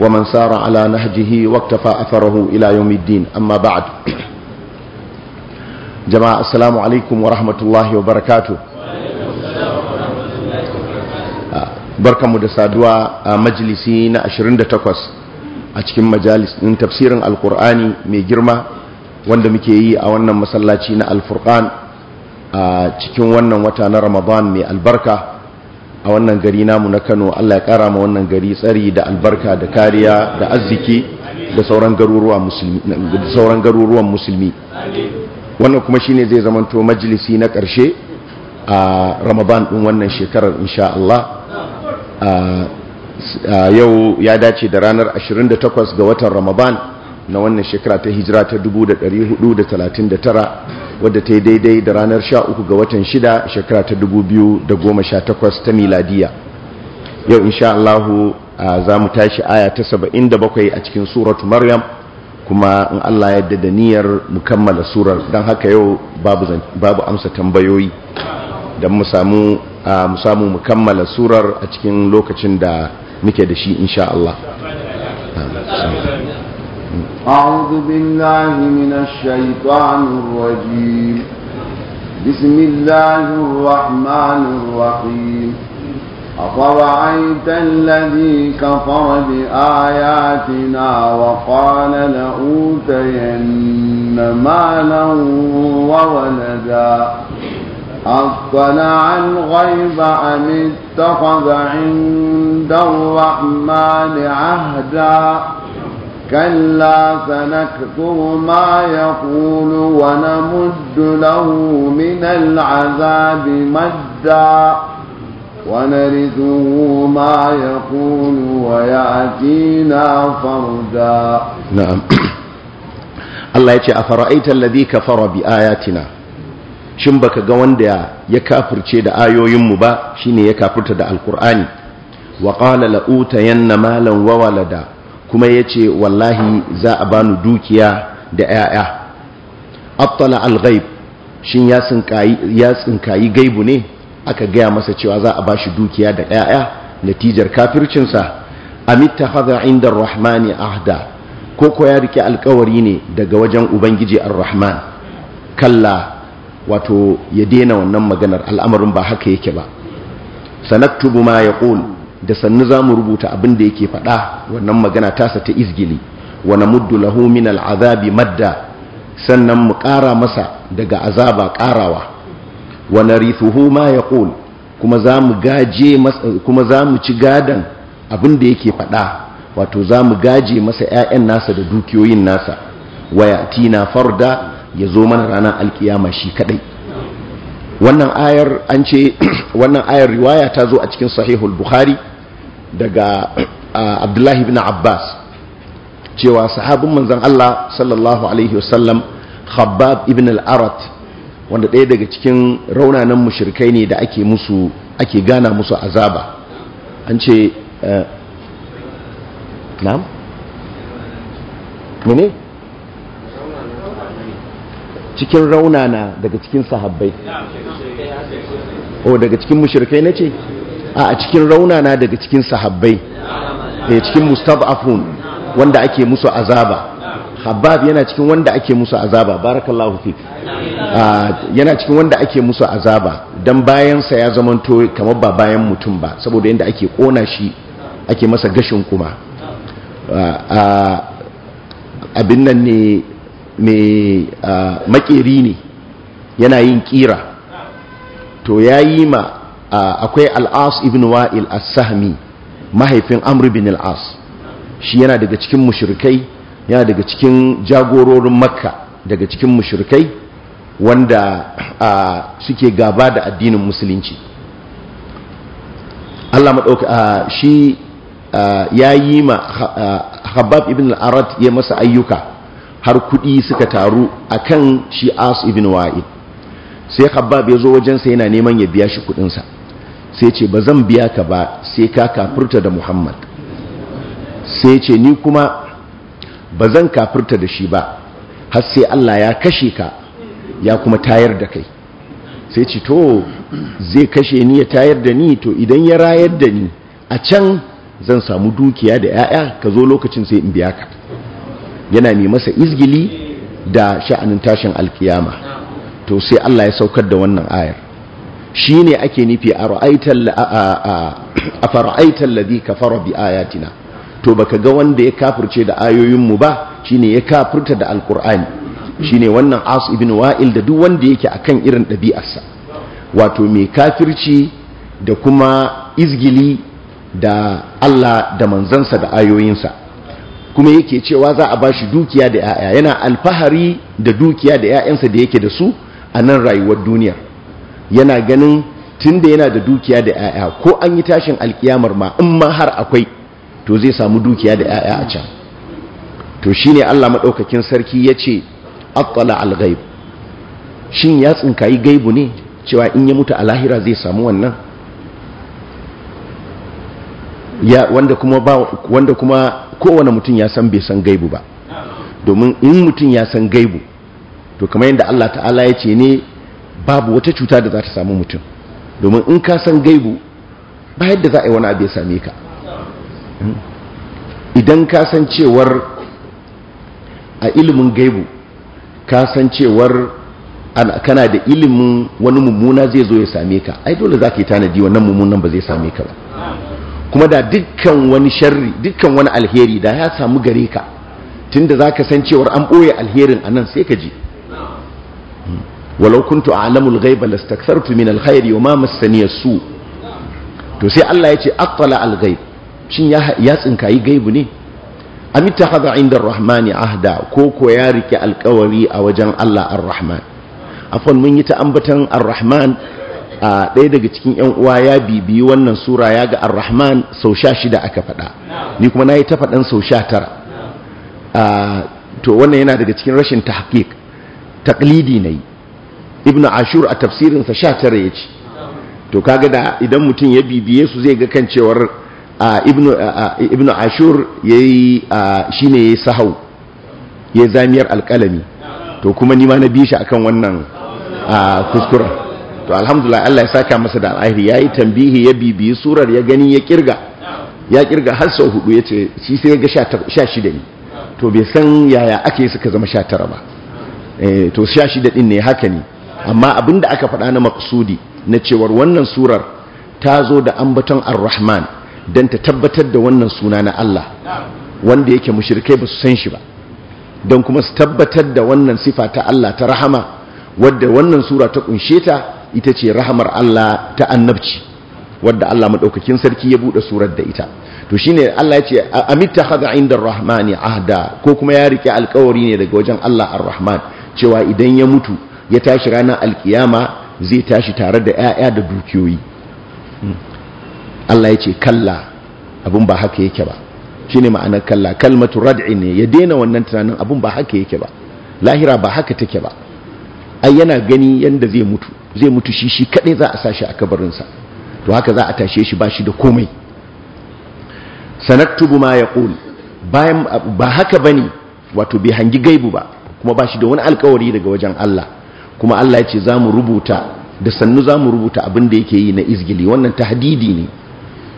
ومن سار على نهجه واكتفى أثره إلى يوم الدين أما بعد جماعة السلام عليكم ورحمة الله وبركاته بركة مدسادوة مجلسين أشرين تقوس أتكم مجالس من تفسير القرآن ميجرما wanda muke yi a wannan masallaci na alfurqan a cikin wannan wata na ramadan mai albarka a wannan gari namu na Kano Allah ya kara ma wannan gari tsari da albarka da kariya da arziki da sauran garuruwan musulmi wannan kuma shine zai zamanto majalisi na karshe a Ramadan din wannan shekarar insha Allah yau ya dace da ranar 28 ga watan Ramadan na wannan shekara ta hijira ta tara. wadda ta yi daidai da ranar 13 ga watan 6 shekara ta 2018 ta miladiya yau insha Allah za mu tashi aya ta 77 a cikin suratu maryam kuma in Allah yarda da niyyar mu surar don haka yau babu amsa tambayoyi don mu samu mu samu mu kammala surar a cikin lokacin da muke da shi insha Allah. أعوذ بالله من الشيطان الرجيم بسم الله الرحمن الرحيم أفرأيت الذي كفر بآياتنا وقال لأوتين مالا وولدا أطلع الغيب أم اتخذ عند الرحمن عهدا كلا سنكتب ما يقول ونمد له من العذاب مدا ونرثه ما يقول ويأتينا فردا نعم الله يتي أفرأيت الذي كفر بآياتنا shin baka ga wanda ya kafurce da ayoyinmu ba shine ya kafurta da alkur'ani wa qala utayanna malam wa walada kuma ya ce wallahi za a bani dukiya da 'ya'ya abtala al-ghaib shin ya tsinkayi gaibu ne aka gaya masa cewa za a ba shi dukiya da 'ya'ya natijar kafircinsa amita haza inda rahmani ahda ko ko ya rike alkawari ne daga wajen ubangiji ar-rahman kalla wato ya daina wannan maganar al'amarin ba haka yake ba sanaktubu ma yaqul da sannu za mu rubuta abin da yake faɗa wannan magana tasa ta izgili wani muddu lahu min al'azabi madda sannan mu ƙara masa daga azaba ƙarawa wa hu ma ya kuma kuma za mu ci gadon abin da yake faɗa wato za mu gaje masa 'ya'yan nasa da dukiyoyin nasa ti na farda ya zo mana ranar alkiyama shi kadai wannan ayar an ce riwaya ta zo a cikin sahihul bukhari daga ah, abdullahi bin abbas cewa sahabin manzan allah sallallahu alaihi wasallam khabbab ibn al-arat wanda ɗaya daga cikin raunanan mushrikai ne da ake musu ake gana musu azaba an ce eh, na'am mene cikin raunana daga cikin sahabbai o oh, daga cikin mushrikai na ce a cikin raunana daga cikin sahabbai da eh, cikin Afon wanda ake musu azaba habab yana cikin wanda ake musu azaba barakallahu fi yana cikin wanda ake musu azaba dan bayansa ya zamanto kamar ba bayan mutum ba saboda yadda ake kona shi ake masa gashin kuma abin nan ne mai makeri ne yana yin kira to ya yi ma Ah, akwai al'as ibn wa'il as-sahmi mahaifin amr bin al'as shi yana daga cikin mushrikai yana daga cikin jagororin makka daga cikin mushrikai wanda ah, suke gaba da addinin musulunci Allah maɗauka ah, shi ya yi ma habab ibn al'arat ya masa ayyuka har kuɗi suka taru akan shi as ibn wa'il sai habab ya zo wajensa yana neman ya biya shi kuɗinsa sai ce ba zan biya ka ba sai ka kafirta da muhammad sai ce ni kuma ba zan kafirta da shi ba har sai allah ya kashe ka ya kuma tayar da kai sai ce to zai kashe ni ya tayar da ni to idan ya rayar da ni a can zan samu dukiya da 'ya'ya ka zo lokacin sai in biya ka yana mai masa izgili da sha'anin tashin alkiyama to sai allah ya saukar da wannan ayar shi ne ake nufi a fara'aitar ladi ka fara bi ayatina to baka ga wanda ya kafirce da ayoyinmu ba shi ne ya kafirta da alkur'ani shi ne wannan as ibn wa'il da duk wanda yake a kan irin ɗabi'arsa wato mai kafirci da kuma izgili da Allah da manzansa da ayoyinsa kuma yake cewa za a ba dukiya da 'ya'ya yana alfahari da dukiya da 'ya'yansa da yake da su a nan rayuwar duniya? yana ganin tunda yana da dukiya da 'ya'ya ko an yi tashin alkiyamar ma in ma har akwai to zai samu dukiya da 'ya'ya a can to shi ne Allah maɗaukakin sarki ya ce, akwala ghaib shin ya tsinkayi gaibu ne cewa in ya mutu a lahira zai samu wannan ya wanda kuma ba kowane mutum ya san bai san gaibu ba domin in mutum ya san gaibu to kamar yadda Allah ta'ala ya ce ne babu wata cuta da za ta samu mutum domin in ka san gaibu ba yadda za a yi wani abu ya same ka idan ka san cewar a ilimin gaibu ka san cewar kana da ilimin wani mummuna zai zo ya same ka ai dole za ka yi tanadi wannan mummunan ba zai same ka ba kuma da dukkan wani sharri dukkan wani alheri da ya samu gare ka tunda za ka san cewar an ɓoye alherin a nan sai ka je. walau kuntu a'lamul al-ghaiba lastakthartu min al-khairi wa ma massani su to sai Allah ya ce attala al shin ya ya tsinkayi gaibu ne am ittakhadha 'inda ar ahda ko ko ya rike alƙawari a wajen Allah ar-rahman afwan mun yi ta ambatan ar-rahman a ɗaya daga cikin yan uwa ya bibiyi wannan sura ya ga ar-rahman sau sha shida aka faɗa ni kuma na yi ta faɗan sau sha tara to wannan yana daga cikin rashin tahqiq na yi. ibn ashur a tafsirinsa sha tara ya ci, to kaga da idan mutum ya bibiye su zai ga kan cewar ibn ashur ya yi shi ne ya yi sahau ya yi zamiyar alkalami to kuma nima na bi shi akan wannan kuskuren to alhamdulillah Allah ya saka masa da al'ahiri ya yi tambihi ya bibiye surar ya gani ya kirga ya kirga har sau hudu ya ce shi sai ya ga sha shida ne to bai san yaya ake suka zama sha tara ba eh, to sha shida din ne haka ne amma abin da aka faɗa na maksudi na cewar wannan surar ta zo da ambaton ar-rahman don ta tabbatar da wannan suna na Allah wanda yake mushrikai ba su san shi ba don kuma su tabbatar da wannan sifa ta Allah ta rahama wadda wannan sura ta kunshe ta ita ce rahamar Allah ta annabci wadda Allah maɗaukakin sarki ya buɗe surar da ita to shine Allah ya ce amitta khadha inda rahmani ahda ko kuma ya rike alkawari ne daga wajen Allah ar-rahman cewa idan ya mutu ya tashi ranar alkiyama zai tashi tare da 'ya'ya da dukiyoyi Allah ya ce kalla abin ba haka yake ba shi ne ma'anar kalla kalmatu rad'i ne ya daina wannan tunanin abin ba haka yake ba lahira ba haka take ba ai yana gani yadda zai mutu zai mutu shi shi kaɗai za a sa a kabarinsa to haka za a tashe shi ba shi da komai sanaktubu ma ya ƙul ba haka ba ne wato bai hangi gaibu ba kuma ba shi da wani alkawari daga wajen Allah kuma Allah ya ce za mu rubuta da sannu za mu rubuta abin da yake yi na izgili wannan tahdidi ne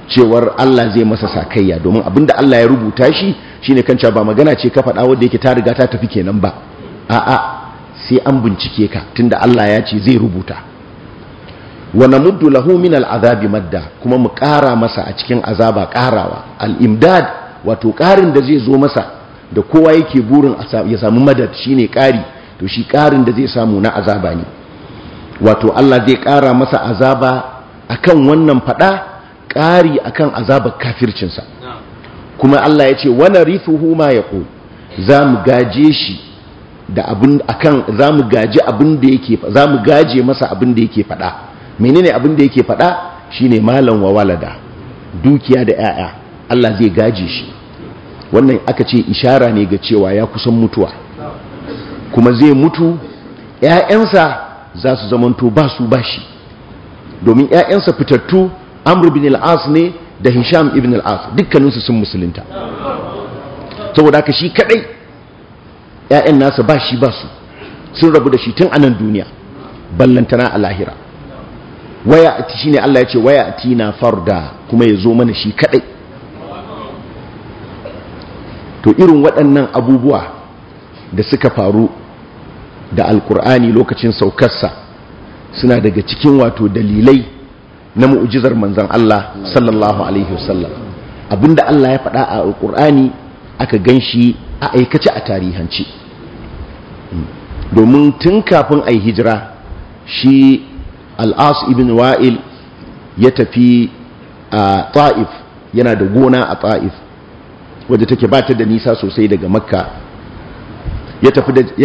cewar Allah zai masa sakayya domin abin da Allah ya rubuta shi shi ne kan ba magana ce ka faɗa wadda yake ta riga ta tafi kenan ba a'a sai an bincike ka tunda Allah ya ce zai rubuta wa muddu lahu min al'azabi madda kuma mu ƙara masa a cikin azaba ƙarawa al'imdad wato ƙarin da zai zo masa da kowa yake burin ya samu madad shine ƙari to shi ƙarin da zai samu na azaba ne wato Allah zai ƙara masa azaba akan wannan faɗa ƙari akan azabar kafircinsa kuma Allah ya ce wani rifuhu ma ya ƙo za mu gaje shi da za mu gaje masa abin da yake faɗa menene abin da yake faɗa shine malon wa walada dukiya da 'ya'ya Allah zai gaje shi wannan aka ce ishara ne ga cewa ya kusan mutuwa kuma zai mutu ‘ya'yansa za su zamanto ba su ba shi domin ‘ya'yansa fitattu Amur bin al'as ne da hisham ibn al'as dukkaninsu sun musulunta saboda ka shi kaɗai ‘ya'yan nasa ba shi ba su sun rabu da shi tun anan duniya ballantana a lahira waya ati shine Allah ya ce waya ati na farda kuma ya zo mana shi kaɗai. to irin waɗannan abubuwa da suka faru da alkur'ani lokacin saukarsa suna daga cikin wato dalilai na mu'ujizar manzan Allah sallallahu alaihi wasallam abinda Allah ya faɗa a alkur'ani aka gan shi a aikace a tarihanci domin tun kafin a yi hijira shi al'as ibn wa'il ya tafi a ta'if yana da gona a ta'if wadda take ba ta da nisa sosai daga makka ya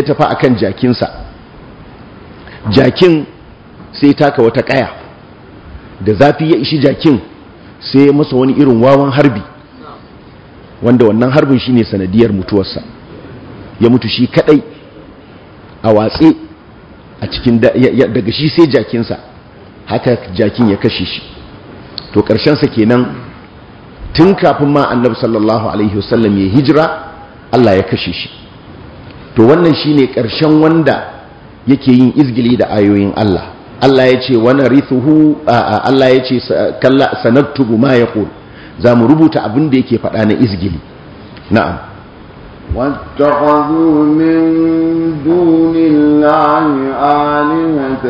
tafi a kan jakinsa jakin sai taka wata kaya da zafi ya ishi jakin sai ya masa wani irin wawan harbi wanda wannan harbin shi ne sanadiyar mutuwarsa ya mutu shi kadai a watsi a cikin daga shi sai jakinsa haka jakin ya kashe shi to ƙarshensa kenan tun kafin ma annabi sallallahu alaihi wasallam ya hijira Allah ya kashe shi to wannan shine ƙarshen wanda yake yin izgili da ayoyin Allah Allah ya ce wani rithuhu Allah ya ce sanattubu ma ya ƙul za mu rubuta abin da yake faɗa na izgili na'am واتخذوا من دون الله آلهة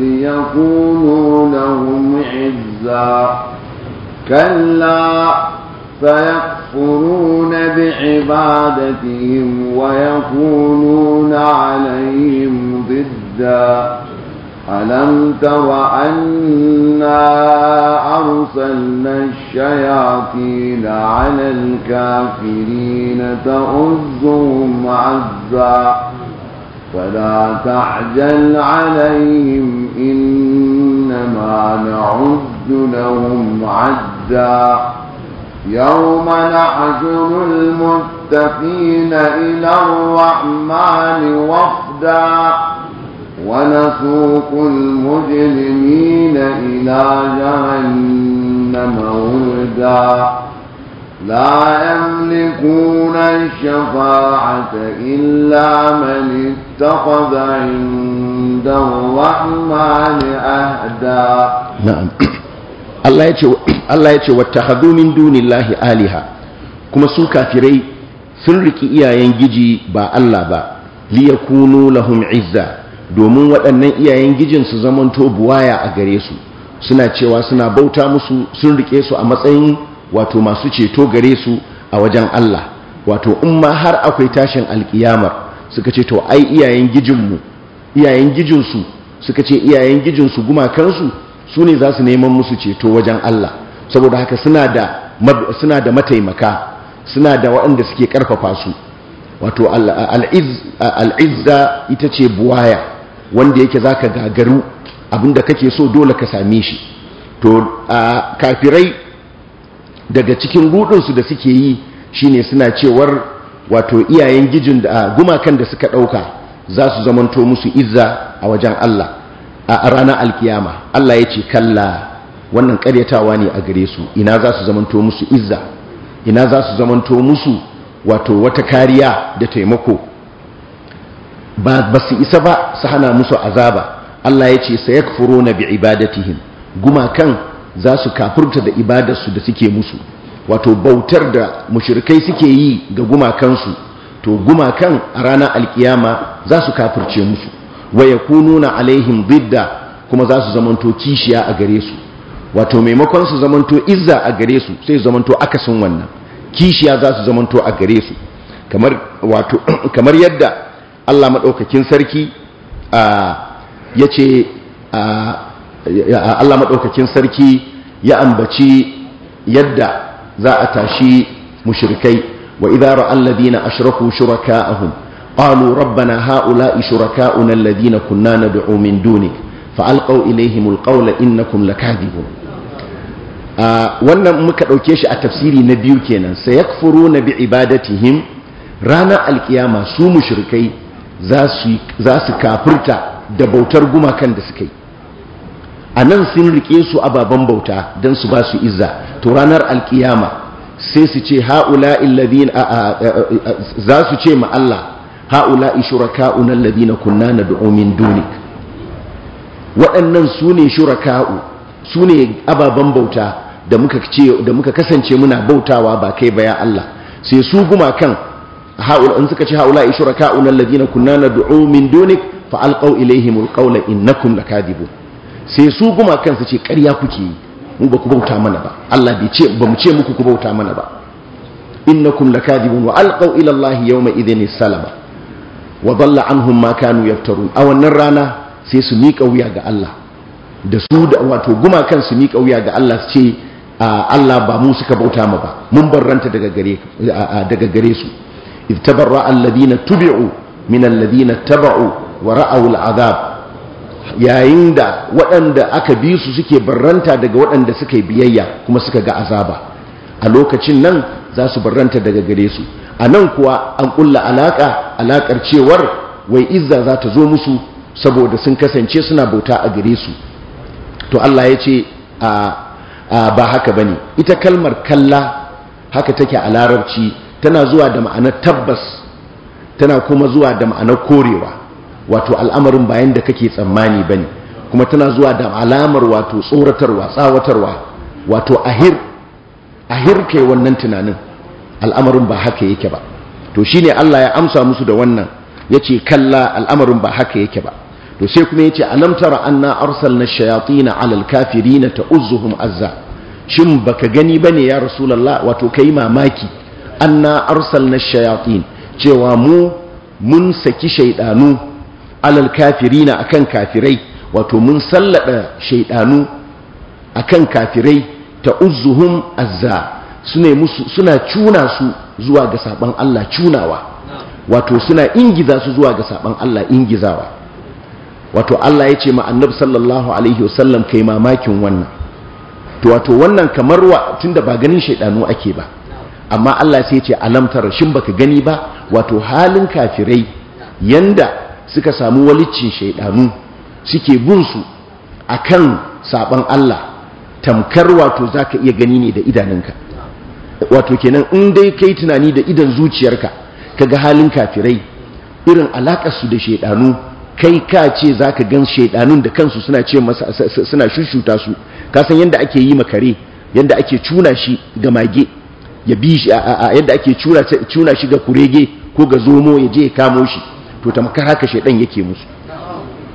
ليكونوا لهم عزا كلا يكفرون بعبادتهم ويكونون عليهم ضدا ألم تر أنا أرسلنا الشياطين على الكافرين تؤزهم عزا فلا تعجل عليهم إنما نعد لهم عدا يوم نعزل المتقين إلى الرحمن وفدا ونسوق المجرمين إلى جهنم وردا لا يملكون الشفاعة إلا من اتخذ عند الرحمن أهدا نعم Allah ya ce wata ya dunillahi aliha kuma sun kafirai sun riki iyayen giji ba Allah ba kunu lahum izza domin waɗannan iyayen gijin su zamanto buwaya a gare su suna cewa suna bauta musu sun rike su a matsayin wato masu ceto gare su a wajen Allah wato in ma har akwai tashin alkiyamar suka ce to ai iyayen gijinmu iyayen gijinsu suka ce iyayen gijinsu gumakansu su ne za su neman musu ceto wajen Allah saboda haka suna da mataimaka suna da waɗanda suke ƙarfafa su wato al'izza ita ce buwaya wanda yake za ka gagaru abinda kake so dole ka same shi to a kafirai daga cikin rudinsu da suke yi shine suna cewar wato iyayen gijin da gumakan da suka ɗauka za su zamanto musu izza a wajen Allah a ranar alkiyama Allah ya ce kalla wannan karyatawa ne a gare su ina za su zamanto musu izza ina za su zamanto musu wato wata kariya da taimako ba su isa ba su hana musu azaba Allah ya ce bi bi'ibadatihim gumakan za su kafurta da ibadarsu da suke musu wato bautar da mushrikai suke yi ga gumakansu to gumakan a ranar alkiyama za su kafurce musu wa nuna alaihim bidda kuma za su zamanto kishiya a gare su wato maimakon su zamanto izza a gare su sai zamanto akasin wannan kishiya za su zamanto a gare su kamar yadda Allah maɗaukakin sarki ya ce Allah maɗaukakin sarki ya ambaci yadda za a tashi mushrikai wa idara alladina ashraku shuraka'ahum قالوا ربنا هؤلاء شركاؤنا الذين كنا ندعو من دونك فألقوا إليهم القول إنكم لكاذبون wannan muka ɗauke shi a tafsiri na biyu kenan sai ya na bi ibadatihim ranar alkiyama su mushrikai za su kafirta da bautar gumakan da suka yi a nan sun rike su ababen bauta don su ba su izza to ranar alkiyama sai su ce ha'ula illazin za su ce ma Allah ha'ula'i shuraka'una alladhina kunna nad'u min dunik waɗannan sune shuraka'u sune ababan bauta da muka ce da muka kasance muna bautawa ba kai ba ya Allah sai su kan, ha'ula in suka ce ha'ula'i shuraka'una alladhina kunna nad'u min dunik fa alqaw ilayhimul qawla innakum lakadibun sai su kan su ce ƙarya kuke yi mu ba ku bauta mana ba Allah bai ce ba mu ce muku ku bauta mana ba innakum lakadibun wa alqaw ila Allah yawma idhin salama wa dhalla anhum ma kanu yaftarun a wannan rana sai su miƙa wuya ga Allah da su da wato gumakan su miƙa wuya ga Allah su ce Allah ba mu suka bauta ma ba mun barranta daga gare daga gare su ittabarra alladhina tubi'u min alladhina taba'u wa ra'aw al'adab yayin da waɗanda aka bi su suke barranta daga waɗanda suka yi biyayya kuma suka ga azaba a lokacin nan za su barranta daga gare su a nan kuwa an kulla alaƙa alaƙar cewar wai izza za ta zo musu saboda sun kasance suna bauta a gare su to Allah ya ce ba haka ba ne ita kalmar kalla haka take a larabci tana zuwa da ma'anar tabbas tana kuma zuwa da ma'anar korewa wato al'amarin bayan da kake tsammani ba ne kuma tana zuwa da alamar wato tsoratarwa tsawatarwa wato ahir ahir kai wannan tunanin al'amarin ba haka yake ba to shi ne Allah ya amsa musu da wannan yace kalla al'amarin ba haka yake ba to sai kuma yace alam tara anna na ash na 'ala al-kafirin ta'uzzuhum azza shin baka gani ba ne ya rasulullah wato yi mamaki anna arsal na shayatin cewa mu mun saki shaiɗanu alal al-kafirin akan kafirai wato mun sallada shaiɗanu akan kafirai uzuhun azza suna cuna su zuwa ga saban Allah cunawa wato suna ingiza su zuwa ga saban Allah ingizawa wato Allah ya ce ma annabi sallallahu alaihi wasallam kai mamakin wannan to wato wannan kamar wa tunda ba ganin shaidanu ake ba amma Allah sai ya ce alamtar shin baka gani ba wato halin kafirai yanda suka samu walicin shaidanu suke bin su akan saban Allah tamkar wato zaka iya gani ne da idanunka wato kenan in dai kai tunani da idan zuciyarka kaga halin kafirai irin alakar da shaidanu kai ka ce za ka gan shaidanun da kansu suna ce masa suna shushuta su kasan yadda ake yi makare yadda ake cuna shi ga mage ya bi shi yadda ake cuna shi ga kurege ko ga zomo ya je ya kamo shi to ta makar haka shaidan yake musu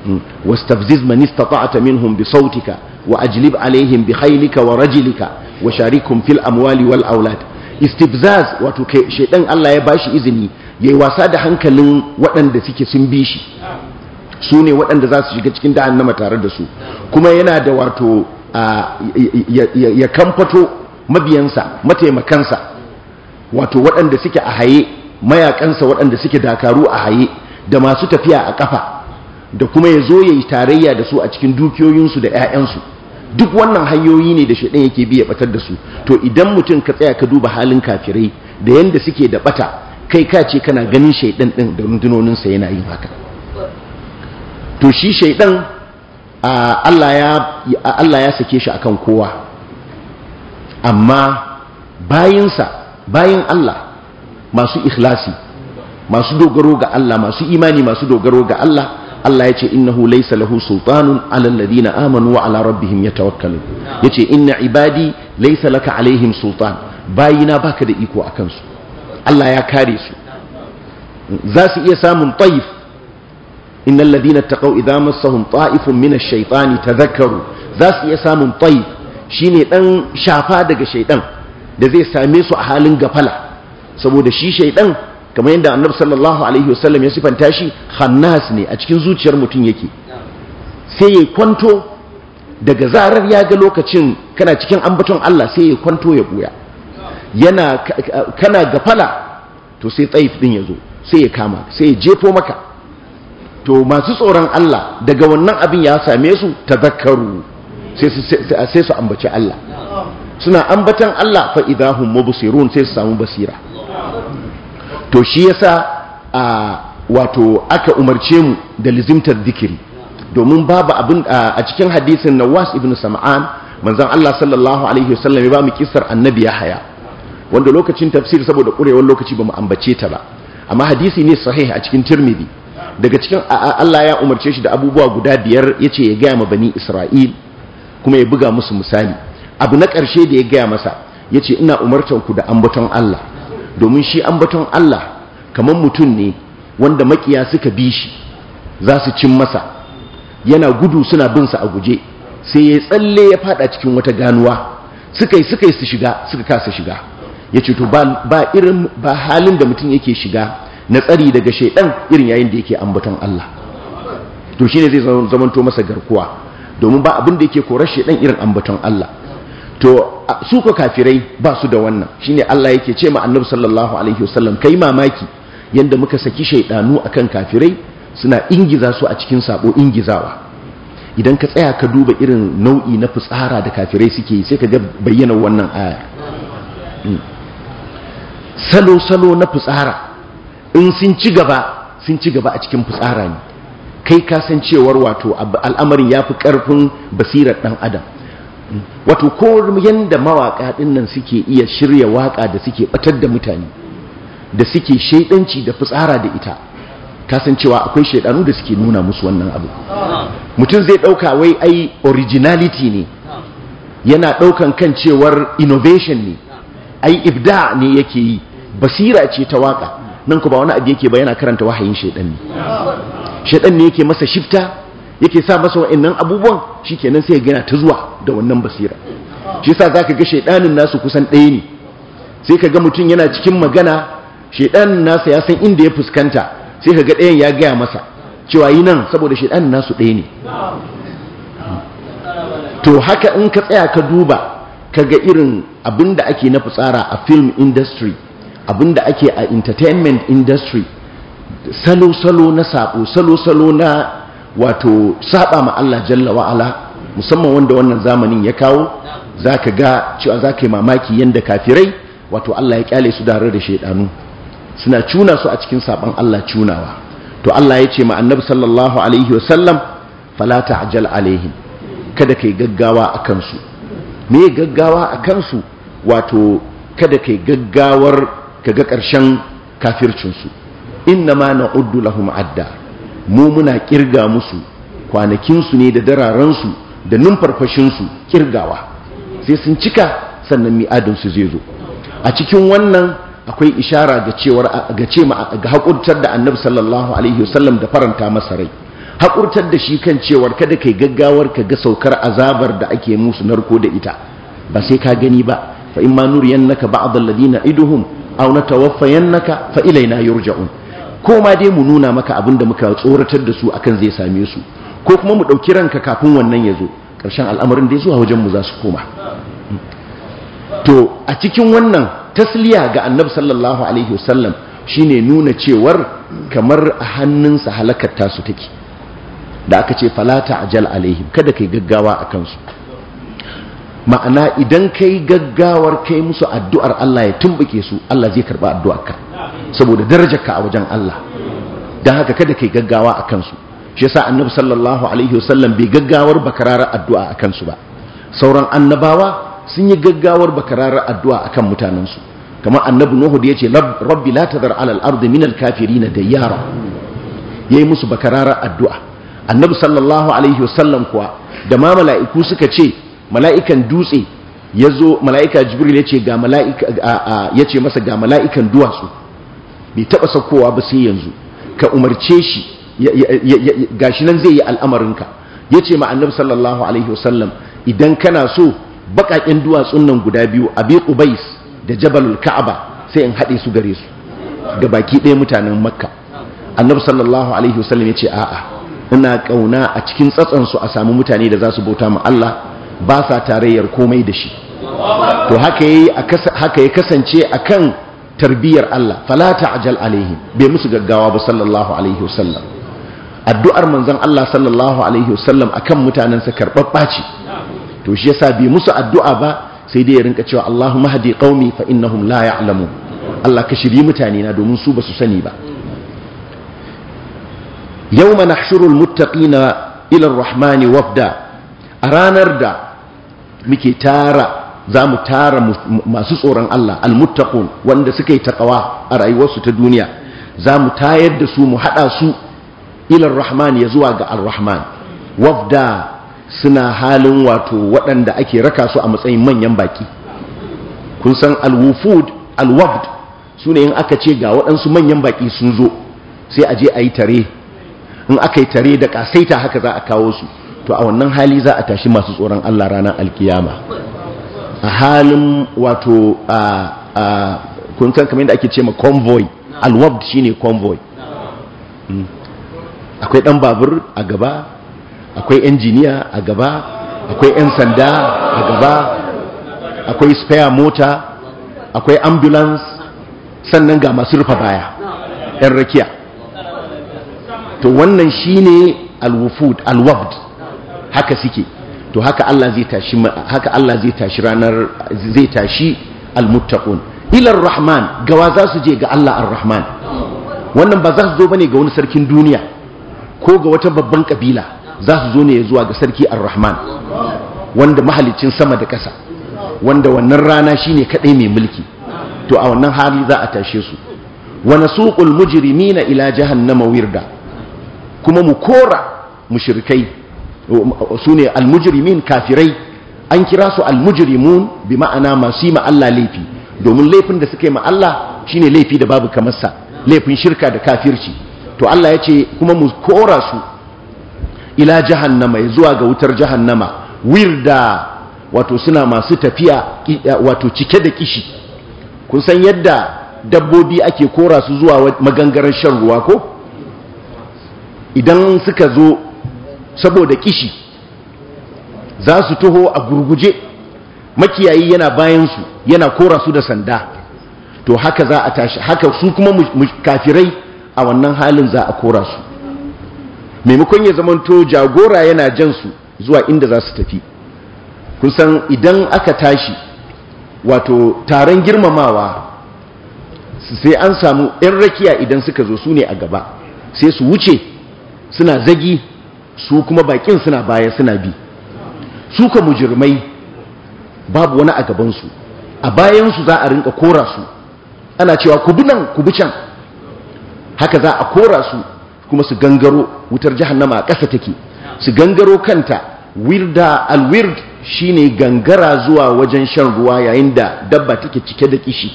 hmm. wastafziz man istata'ta minhum bi sautika wa ajlib alaihim bi khaylika wa rajilika. wa sharikum fil amwali wal aulad istifzaz wato kai shedan Allah ya bashi izini yayi wasa da hankalin waɗanda suke sun bi shi su ne waɗanda za su shiga cikin jahannama tare da su kuma yana da wato ya kamfato mabiyansa mataimakansa wato waɗanda suke a haye mayakansa waɗanda suke dakaru a haye da masu tafiya a ƙafa da kuma ya zo ya yi tarayya da su a cikin dukiyoyinsu da 'ya'yansu duk wannan hanyoyi ne da shaidan yake bi ya batar da su to idan mutum ka tsaya ka duba halin kafirai da yanda suke da bata kai ka ce kana ganin shaidan ɗin, da rundunonin sa yana yin haka to shi shaidan Allah ya sake shi akan kowa amma bayinsa bayin Allah masu ikhlasi masu dogaro ga Allah masu imani masu dogaro ga Allah Allah ya ce innahu laisa lahu sultanun ala alladhina amanu wa ala rabbihim ya yace inna ibadi laisa laka alaihim sultan bayina baka da iko a kansu Allah ya kare su za su iya samun taif innal ta taqaw idan massahum ta'ifun min ash-shaytani tadhakkaru za su iya samun taif shine dan shafa daga shaytan da zai same su a halin gafala saboda shi shaytan kamar yadda annabi sallallahu alaihi wasallam ya sifanta shi khannas ne a cikin zuciyar mutum yake sai ya kwanto daga zarar ya ga lokacin kana cikin ambaton Allah sai ya kwanto ya buya yana kana gafala to sai tsayif din ya sai ya kama sai ya jefo maka to masu tsoron Allah daga wannan abin ya same su tazakkaru sai su ambaci Allah suna ambatan Allah fa idahum mubsirun sai su samu basira to shi yasa a wato aka umarce mu da lizimtar dikiri domin babu abin a cikin hadisin Nawas ibn Sam'an manzon Allah sallallahu alaihi wasallam ya ba mu kissar annabi Yahya wanda lokacin tafsir saboda kurewar lokaci ba ambace ta ba amma hadisi ne sahih a cikin Tirmidhi daga cikin Allah ya umarce shi da abubuwa guda biyar ya ce ya gaya ma bani Isra'il kuma ya buga musu misali abu na ƙarshe da ya gaya masa ya ce ina umartanku da ambaton Allah domin shi ambaton Allah kamar mutum ne wanda makiya suka bi shi za su cin masa yana gudu suna bin sa a guje sai ya tsalle ya fada cikin wata ganuwa suka yi suka yi su shiga suka kasa shiga ya ce to ba irin ba halin da mutum yake shiga na tsari daga shaidan irin yayin da yake ambaton Allah to shine zai zamanto masa garkuwa domin ba abin da yake korar shaidan irin ambaton Allah to su ko kafirai ba su da wannan shine Allah yake ce ma annabi sallallahu alaihi wasallam kai mamaki yanda muka saki shaidanu akan kafirai suna ingiza su a cikin sabo ingizawa idan ka tsaya ka duba irin nau'i na fitsara da kafirai suke yi sai ka ga bayyana wannan aya hmm. salo-salo na fitsara in sun ci gaba sun ci gaba a cikin fitsara ne kai kasancewar wato al'amarin ya fi ƙarfin basirar ɗan adam wato ko yanda mawaka dinnan suke iya shirya waka da suke batar da mutane da suke shaidanci da fitsara da ita kasancewa akwai shaidanu da suke nuna musu wannan abu mutum zai ɗauka wai ai originality ne yana ɗaukan kan cewar innovation ne ai ibda ne yake yi basira ce ta waka nan ku ba wani abu yake ba yana karanta wahayin shaidan ne shaidan ne yake masa shifta yake sa masa wa'annan abubuwan shikenan sai ya gina ta zuwa da wannan basira shi yasa zaka ga shedanin nasu kusan ɗaya ne sai ka ga mutum yana cikin magana shedanin nasa ya san inda ya fuskanta sai ka ga ɗayan ya gaya masa cewa yi nan saboda shedanin nasu ɗaya ne to haka in ka tsaya ka duba ka ga irin abinda ake na fitsara a film industry abinda ake a entertainment industry salo-salo na sabo salo-salo na wato saba ma Allah jalla wa'ala musamman wanda wannan zamanin ya kawo zaka ga cewa zaka yi mamaki yanda kafirai wato Allah ya kyale su dare da shedanu suna cuna su a cikin saban Allah cunawa to Allah ya ce ma annabi sallallahu alaihi wasallam fala ta'jal alaihim kada kai gaggawa akan su me gaggawa akan su wato kada kai gaggawar kaga karshen kafircin su inna ma na'uddu lahum adda mu muna kirga musu kwanakinsu ne da dararansu da numfarfashinsu kirgawa sai sun cika sannan mi'adinsu zai zo a cikin wannan akwai ishara ga cewar ga ce ga hakurtar da annabi sallallahu alaihi wasallam da faranta masa rai hakurtar da shi kan cewar kada kai gaggawar ka ga saukar azabar da ake musu narko da ita ba sai ka gani ba fa imma nuriyannaka ba'd alladhina iduhum aw natawaffayannaka fa ilaina yurja'un ko ma dai mu nuna maka abin da muka tsoratar da su akan zai same su ko kuma mu ɗauki ranka kafin wannan ya zo ƙarshen al'amarin da ya zuwa wajen mu za su koma to a cikin wannan tasliya ga annabi sallallahu alaihi wasallam shine nuna cewar kamar a hannunsa halakar tasu take da aka ce falata ajal alaihim kada kai gaggawa a kansu ma'ana idan kai gaggawar kai musu addu'ar Allah ya tumbuke su Allah zai karba ka saboda darajar ka a wajen Allah don haka kada kai gaggawa a kansu shi yasa annabi sallallahu alaihi wasallam bai gaggawar bakararar addu'a a kansu ba sauran annabawa sun yi gaggawar bakararar addu'a a kan mutanensu kamar annabi nuhu da ya ce rabbi la tadhar alal ardi min al yara ya yi musu bakararar addu'a annabi sallallahu alaihi wasallam kuwa da ma mala'iku suka ce mala'ikan dutse ya zo mala'ika jibril ya ce ya ce masa ga mala'ikan duwatsu bai taɓa saukowa ba sai yanzu ka umarce shi ga shi nan zai yi al'amarinka ya ce ma annabi sallallahu alaihi wasallam idan kana so baƙaƙen duwatsun nan guda biyu a abi qubais da jabalul ka'aba sai in haɗe su gare su da baki ɗaya mutanen makka annab sallallahu alaihi wasallam ya ce a'a ina ƙauna a cikin su a samu mutane da za su bauta ma Allah ba sa tarayyar komai da shi to haka ya kasance a kan tarbiyyar Allah falata ajal alaihim bai musu gaggawa ba sallallahu alaihi wasallam addu'ar manzon Allah sallallahu alaihi wasallam akan mutanensa karɓar ce to shi yasa bai musu addu'a ba sai dai ya rinka cewa Allahumma hadi qaumi fa innahum la ya'lamun Allah ka shirye mutane na domin su ba su sani ba yawma nahshurul muttaqina ila ar-rahmani wafda a ranar da muke tara za mu tara masu tsoron Allah almuttaqun wanda suka yi taqwa a rayuwarsu ta duniya za mu tayar da su mu haɗa su ilar rahman ya zuwa ga alrahman. wafda suna halin wato waɗanda ake raka su a matsayin manyan baki kun san al-wufud wafd su in aka ce ga waɗansu manyan baki sun zo sai a je a yi tare in aka yi tare da ƙasaita haka za a kawo su to a wannan hali za a tashi masu tsoron Allah ranar alkiyama a halin wato a a kunkan kamar da ake ce ma convoy shi ne convoy hmm. akwai dan babur a gaba akwai injiniya a gaba akwai yan sanda a gaba akwai spare mota akwai ambulance sannan ga masu rufa baya yan rakiya to wannan shi ne alwufud alwabd haka suke to haka Allah zai tashi haka Allah zai tashi ranar zai tashi almuttaqun ila rahman gawa za su je ga Allah arrahman wannan ba za su zo bane ga wani sarkin duniya ko ga wata babban kabila za su zo ne zuwa ga sarki arrahman wanda mahalicin sama da ƙasa wanda wannan rana shine kadai mai mulki to a wannan hali za a tashe su wa nasuqul mujrimina ila jahannama wirda kuma mu kora mushrikai su ne almujirimin kafirai an kira su almujrimun bi ma'ana masu yi ma Allah laifi domin laifin da suka yi ma Allah ne laifi da babu kamarsa laifin shirka da kafirci to Allah ya ce kuma mu kora su ila jahannama zuwa ga wutar jahannama wirda wato suna masu tafiya wato cike da kishi kun san yadda dabbobi ake kora su zuwa magangaren shan ruwa ko idan suka zo saboda kishi za su taho a gurguje makiyayi yana bayansu yana kora su da sanda to haka za a tashi haka su kuma kafirai a wannan halin za a kora su maimakon ya zamanto jagora yana jan su zuwa inda za su tafi kusan idan aka tashi wato taron girmamawa sai an samu 'yan rakiya idan suka zo su ne a gaba sai su wuce suna zagi su kuma bakin suna baya suna bi su ka mujirmai babu wani a gabansu a bayansu za a rinka kora su ana cewa ku bi nan ku can haka za a kora su kuma su gangaro wutar jahannama a ƙasa take su gangaro kanta wirda alwird ne gangara zuwa wajen shan ruwa yayin da dabba take cike da kishi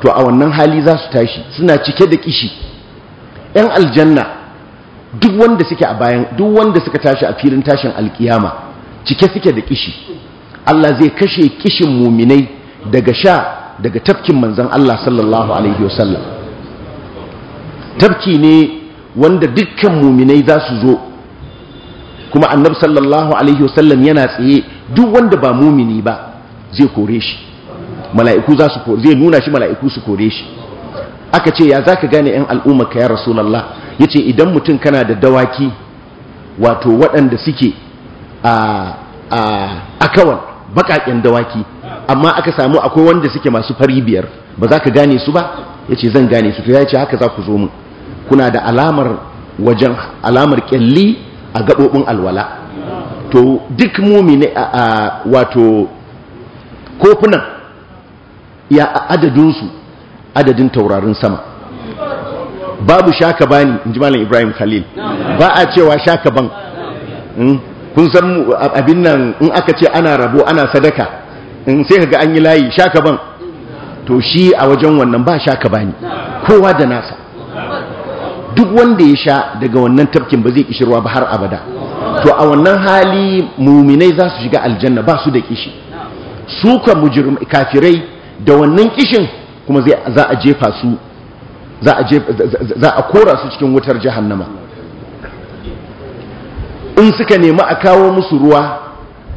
to a wannan hali za su tashi suna cike da kishi 'yan aljanna duk wanda suke a bayan duk wanda suka tashi a filin tashin alkiyama cike suke da kishi Allah zai kashe kishin muminai daga sha daga tafkin manzon Allah sallallahu alaihi wasallam tafki ne wanda dukkan muminai za su zo kuma annabi sallallahu alaihi wasallam yana tsaye duk wanda ba mumini ba zai kore shi mala'iku za su kore zai nuna shi mala'iku su kore shi aka ce ya za ka gane 'yan al'umma ka ya rasulallah ya ce idan mutum kana da dawaki wato waɗanda suke a kawan baƙaƙen dawaki amma aka samu akwai wanda suke masu fari biyar ba za ka gane su ba ya ce zan gane su to ya ce haka za ku zo min kuna da alamar wajen alamar ƙyalli a gaɓoɓin alwala to duk mumi ne a wato kofunan ya adadinsu adadin taurarin sama babu shaka bani in ji malam ibrahim khalil ba a cewa shaka ban hmm? kun san abin nan in aka ce ana rabo ana sadaka in sai ga an yi layi shaka ban to shi a wajen wannan ba shaka bani kowa da nasa duk wanda ya sha daga wannan tafkin ba zai kishirwa ba har abada to a wannan hali muminai za su shiga aljanna ba su da kishi su ka kafirai da wannan kishin kuma za a jefa su za a kora su cikin wutar jahannama in suka nemi a kawo musu ruwa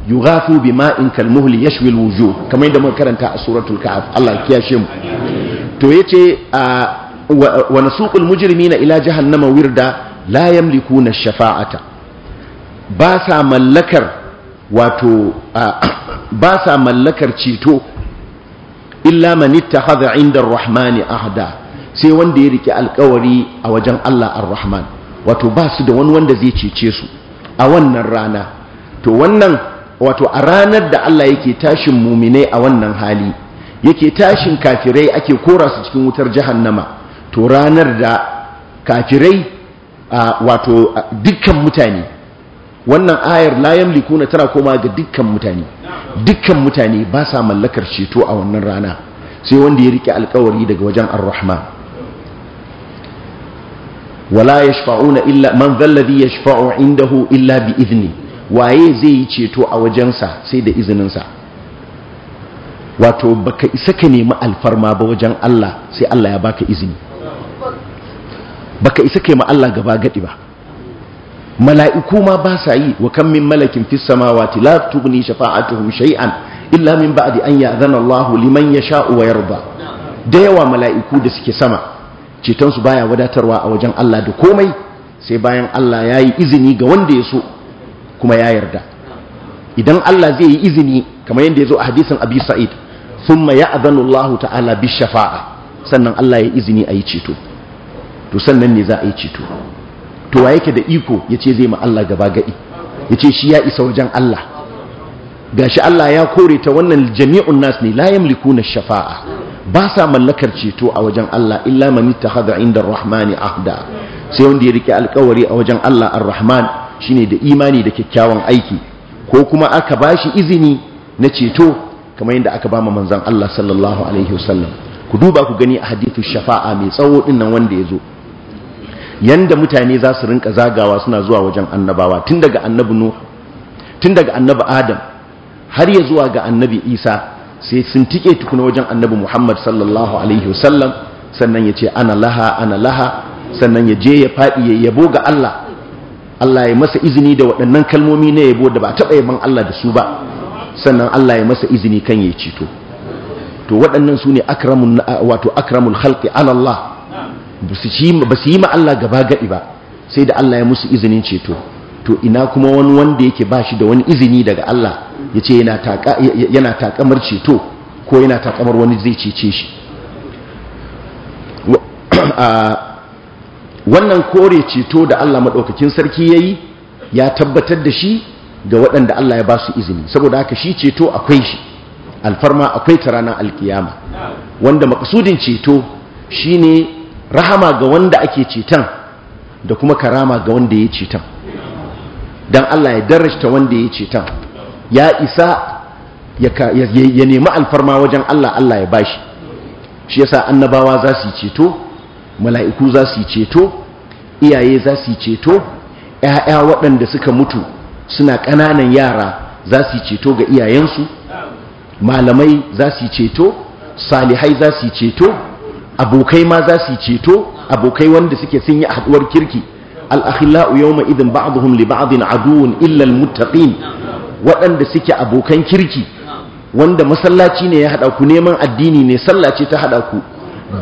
yughafu bima'in kalmuhul yashwi alwujuh kamar yadda muka karanta a suratul kahf Allah ya kiyashe mu to yace wa nasuqul na ila jahannama wirda la yamlikuna shafa'ata ba sa mallakar wato ba sa mallakar ceto illa man ittakhadha 'inda ar-rahmani ahda sai wanda ya rike alkawari a wajen Allah ar-rahman wato ba su da wani wanda zai cece su a wannan rana to wannan wato a ranar da Allah yake tashin muminai a wannan hali yake tashin kafirai ake kora su cikin wutar jahannama to ranar da kafirai wato dukkan mutane wannan ayar la na tana koma ga dukkan mutane dukkan mutane ba sa mallakar ceto a wannan rana sai wanda ya rike alkawari daga wajen ar-rahman wala yashfa'una illa man dhalladhi yashfa'u indahu illa bi idni waye zai yi ceto a wajensa sai da izinin sa wato baka isa ka nemi alfarma ba wajen Allah sai Allah ya baka izini baka isa kai ma Allah gaba gadi ba mala'iku ma ba sa yi wa kan min malakin fis samawati la tughni shafa'atuhum shay'an illa min ba'di an ya'zana Allahu liman yasha'u wa yarda da yawa mala'iku da suke sama ceton su baya wadatarwa a wajen Allah da komai sai bayan Allah ya yi izini ga wanda ya so kuma ya yarda idan Allah zai yi izini kamar yadda ya zo a hadisin Abi Sa'id thumma ya'zanu Allahu ta'ala bi shafa'a sannan Allah ya izini a yi ceto to sannan ne za a yi ceto to wa yake da iko ya ce zai ma Allah gaba gai ya ce shi ya isa wajen Allah Ga shi Allah ya kore ta wannan jami'un nas ne layan na shafa'a ba sa mallakar ceto a wajen Allah illa mani ta haɗa inda rahmani ahda sai wanda ya rike alkawari a wajen Allah ar-rahman shi ne da imani da kyakkyawan aiki ko kuma aka ba shi izini na ceto kamar yadda aka ba ma manzan Allah sallallahu alaihi wasallam ku duba ku gani a hadithu shafa'a mai tsawo dinnan wanda ya zo yanda mutane za su rinka zagawa suna zuwa wajen annabawa tun daga annabi Nuhu, tun daga annabi adam har ya zuwa ga annabi isa sai sun tike tukuna wajen annabi muhammad sallallahu alaihi wasallam sannan ya ce ana laha ana laha sannan ya je ya faɗi ya yabo ga allah allah ya masa izini da waɗannan kalmomi na yabo da ba taɓa yaban allah da su ba sannan allah ya masa izini kan ya ceto to waɗannan su ne akramul wato akramul khalqi ala allah ba su yi ma Allah gaba gaɗi ba sai da Allah ya musu izinin ceto to ina kuma wani wanda yake ba shi da wani izini daga Allah ya ce yana takamar ceto ko yana takamar wani zai cece shi wannan kore ceto da Allah maɗaukakin sarki ya yi ya tabbatar da shi ga waɗanda Allah ya ba su izini saboda haka shi ceto akwai shi alfarma akwai ta ranar alkiyama wanda makasudin ceto shine rahama ga wanda ake ceton da kuma karama ga wanda ya ceton don Allah ya darashta wanda ya ceton ya isa ya nemi alfarma wajen Allah Allah ya bashi shi yasa annabawa za su yi ceto mala'iku za su yi ceto iyaye za su yi ceto ‘ya'ya waɗanda suka mutu suna ƙananan yara za su yi ceto ga iyayensu malamai za su yi ceto salihai za su yi ceto abokai ma za su ceto abokai wanda suke sun yi haduwar kirki al yau ma idin ba'aduhun li ba'dhin illal illa waɗanda suke abokan kirki wanda masallaci ne ya haɗa ku neman addini ne sallaci ta haɗa ku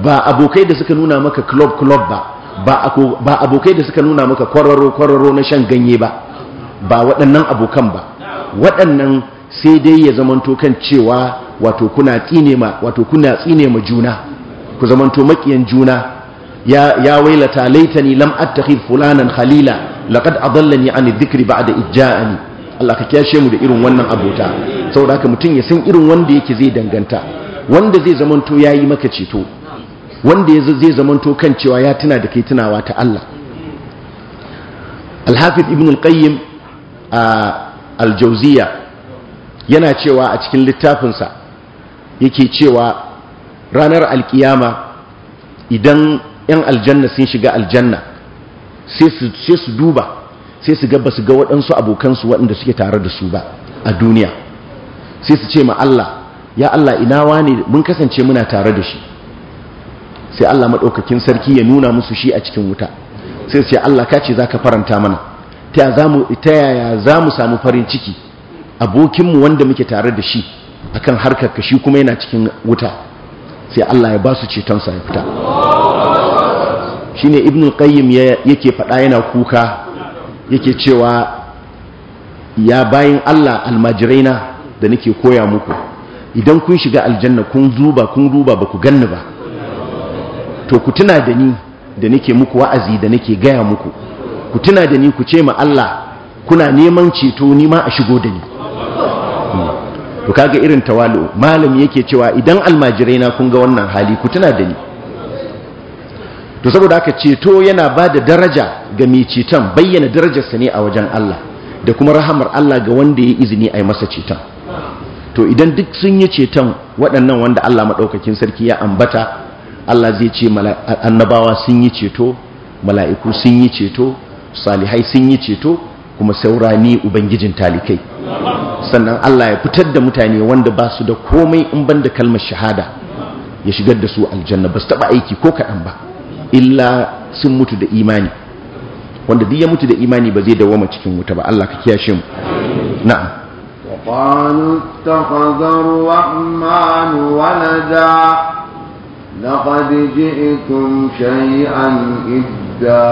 ba abokai da suka nuna maka club club ba ba abokai da suka nuna maka kwararo kwararo na shan ganye ba ba waɗannan abokan ba waɗannan sai dai ya zamanto kan cewa wato kuna tsine ma wato kuna tsine ma juna ku zamanto makiyan juna ya wailata laitani lam attakhid fulanan khalila laqad adallani an dhikri ba'da ijja'ani Allah ka kiyashe mu da irin wannan abota saboda haka mutum ya san irin wanda yake zai danganta wanda zai zamanto yayi maka ceto wanda zai zamanto kan cewa ya tuna da kai tunawa ta Allah Al-Hafiz Ibn Al-Qayyim al yana cewa a cikin littafinsa yake cewa ranar alkiyama idan 'yan aljanna sun shiga aljanna sai su duba sai su gaba su ga waɗansu abokansu waɗanda suke tare da su ba a duniya sai su ce ma Allah ya Allah ina wani mun kasance muna tare da shi sai Allah maɗaukakin sarki ya nuna musu shi a cikin wuta sai su ce Allah ka ce za ka faranta mana ta yaya za mu samu farin ciki abokinmu wanda muke tare da shi akan harkar ka shi kuma yana cikin wuta sai Allah ya ba su cetonsa ya fita shine ibn qayyim yake faɗa yana kuka yake cewa ya bayin Allah almajiraina da nake koya muku idan kun shiga aljanna kun zuba kun ruba ba ku ganni ba to ku tuna da ni da nake muku wa'azi da nake gaya muku ku tuna da ni ku ce ma Allah kuna neman ceto ni ma a shigo da ni to kaga irin tawali'u malami yake cewa idan almajirai na kun ga wannan hali ku tuna da ni to saboda haka ceto yana ba da daraja ga mai ceton bayyana darajarsa ne a wajen Allah da kuma rahamar Allah ga wanda ya izini a masa ceton to idan duk sun yi ceton waɗannan wanda Allah maɗaukakin sarki ya ambata Allah zai ce annabawa sun yi ceto mala'iku sun yi ceto salihai sun yi ceto kuma saurani ubangijin talikai sannan Allah ya fitar da mutane wanda ba su da komai in ban da kalmar shahada ya shigar da su aljanna ba su taba aiki ko kaɗan ba illa sun mutu da imani wanda duk ya mutu da imani ba zai dawoma cikin wuta ba Allah ka kiyashe mu na'am وقالوا اتخذ الرحمن laqad ji'tum shay'an idda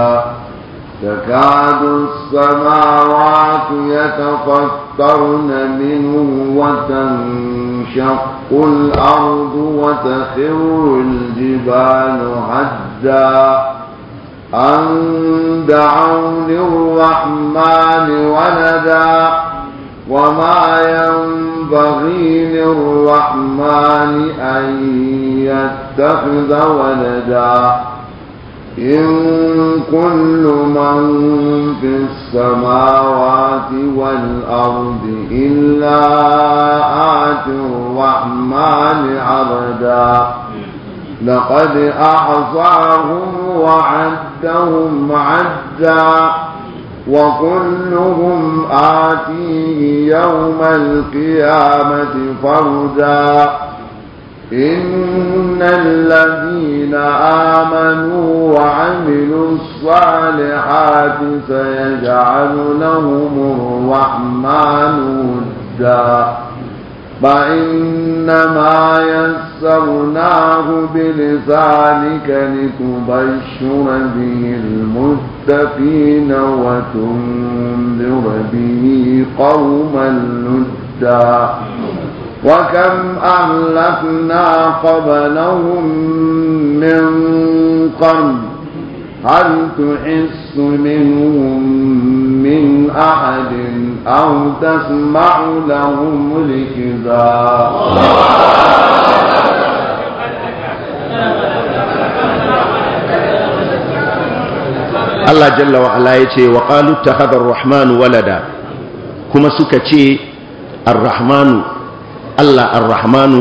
takadu as-samawati yatafat يسخرن منه وتنشق الأرض وتخر الجبال هدا أن دعوا للرحمن ولدا وما ينبغي للرحمن أن يتخذ ولدا إن كل من في السماوات والأرض إلا آتي الرحمن عبدا لقد أحصاهم وعدهم عدا وكلهم آتيه يوم القيامة فردا إن الذين آمنوا وعملوا الصالحات سيجعل لهم الرحمن ودا فإنما يسرناه بلسانك لتبشر به المتقين وتنذر به قوما لدا وكم أهلكنا قبلهم من قرن هل تحس منهم من أحد أو تسمع لهم ركزا الله جل وعلا يتي وقالوا اتخذ الرحمن ولدا كما سكتي الرحمن Allah ar-rahmanu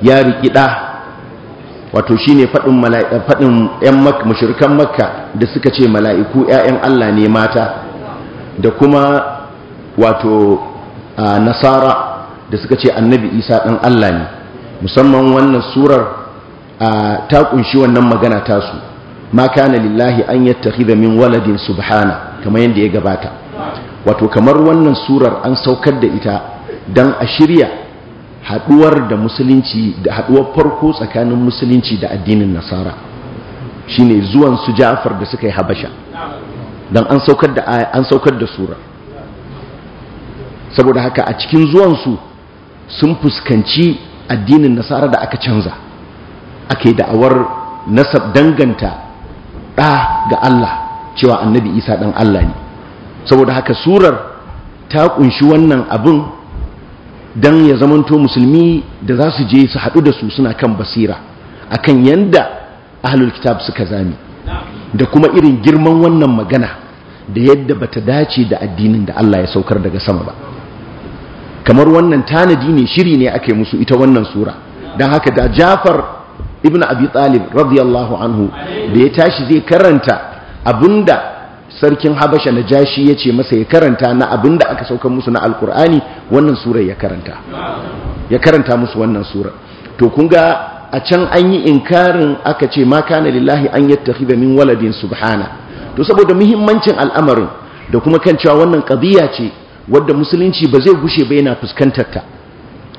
ya riki ɗa wato shi ne faɗin mashirkan makka da suka ce mala'iku ‘ya'yan Allah ne mata da kuma wato nasara da suka ce annabi isa ɗan Allah ne musamman wannan surar ta ƙunshi wannan magana tasu ma kana lillahi an yattakhidha min waladin subhana kamar yadda ya gabata wato kamar wannan surar an saukar da ita dan a shirya Haɗuwar da musulunci da haduwar farko tsakanin musulunci da addinin nasara shine zuwan su Ja'far da suka yi Habasha don an saukar da an saukar da sura saboda haka a cikin zuwan su sun fuskanci addinin nasara da aka canza ake da'awar nasab danganta ɗa ga Allah cewa annabi Isa ɗan Allah ne saboda haka surar ta ƙunshi wannan abin Dan ya zamanto musulmi da za su je su haɗu da su suna kan basira akan yadda ahalul kitab suka zami da kuma irin girman wannan magana da yadda ba ta dace da addinin da Allah ya saukar daga sama ba kamar wannan tanadi ne shiri ne ake musu ita wannan sura don haka da Jafar ibn Abi Talib radiyallahu anhu da ya tashi zai karanta abinda sarkin habasha na jashi ya ce masa ya karanta na abinda aka saukan musu na alkur'ani wannan surar ya karanta ya karanta musu wannan surar to kun ga a can an yi inkarin aka ce ma kana lillahi an da min waladin subhana to saboda muhimmancin al'amarin da kuma kan cewa wannan ƙabiya ce wadda musulunci ba zai gushe ba yana fuskantar ta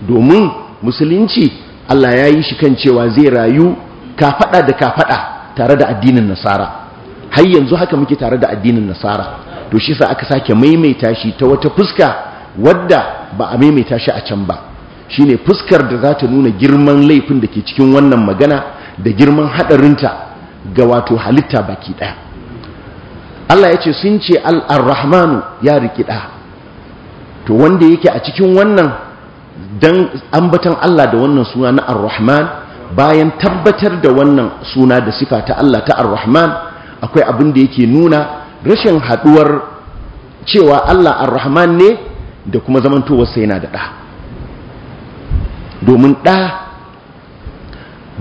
domin musulunci Allah ya yi shi kan cewa zai rayu kafaɗa da kafaɗa tare da addinin nasara har yanzu haka muke tare da addinin nasara to shi sa aka sake maimaita shi ta wata fuska wadda ba a maimaita shi a can ba shine fuskar da za ta nuna girman laifin da ke cikin wannan magana da girman haɗarinta ga wato halitta baki ɗaya Allah ya ce sun ce al-rahmanu ya rikida to wanda yake a cikin wannan dan ambatan Allah da wannan suna na ar-rahman bayan tabbatar da wannan suna da sifa ta Allah ta ar-rahman akwai abin da yake nuna rashin haduwar cewa Allah ar-Rahman ne da kuma zamantowarsa yana da ɗa domin ɗa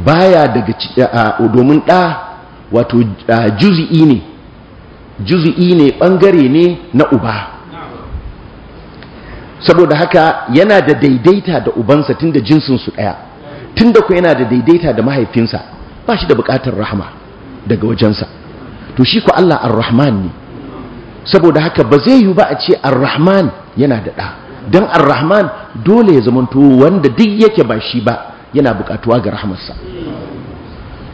baya daga domin ɗa wato juzi'i ne juzi'i ne ɓangare ne na uba saboda haka yana da daidaita da ubansa tun da jinsinsu ɗaya tun da ku yana da daidaita da mahaifinsa ba shi da buƙatar rahama daga wajensa to shi ku Allah ar-rahman ne saboda haka ba zai yi ba a ce ar-rahman yana da ɗa don ar-rahman dole ya zamanto wanda duk yake ba shi ba yana buƙatuwa ga rahmarsa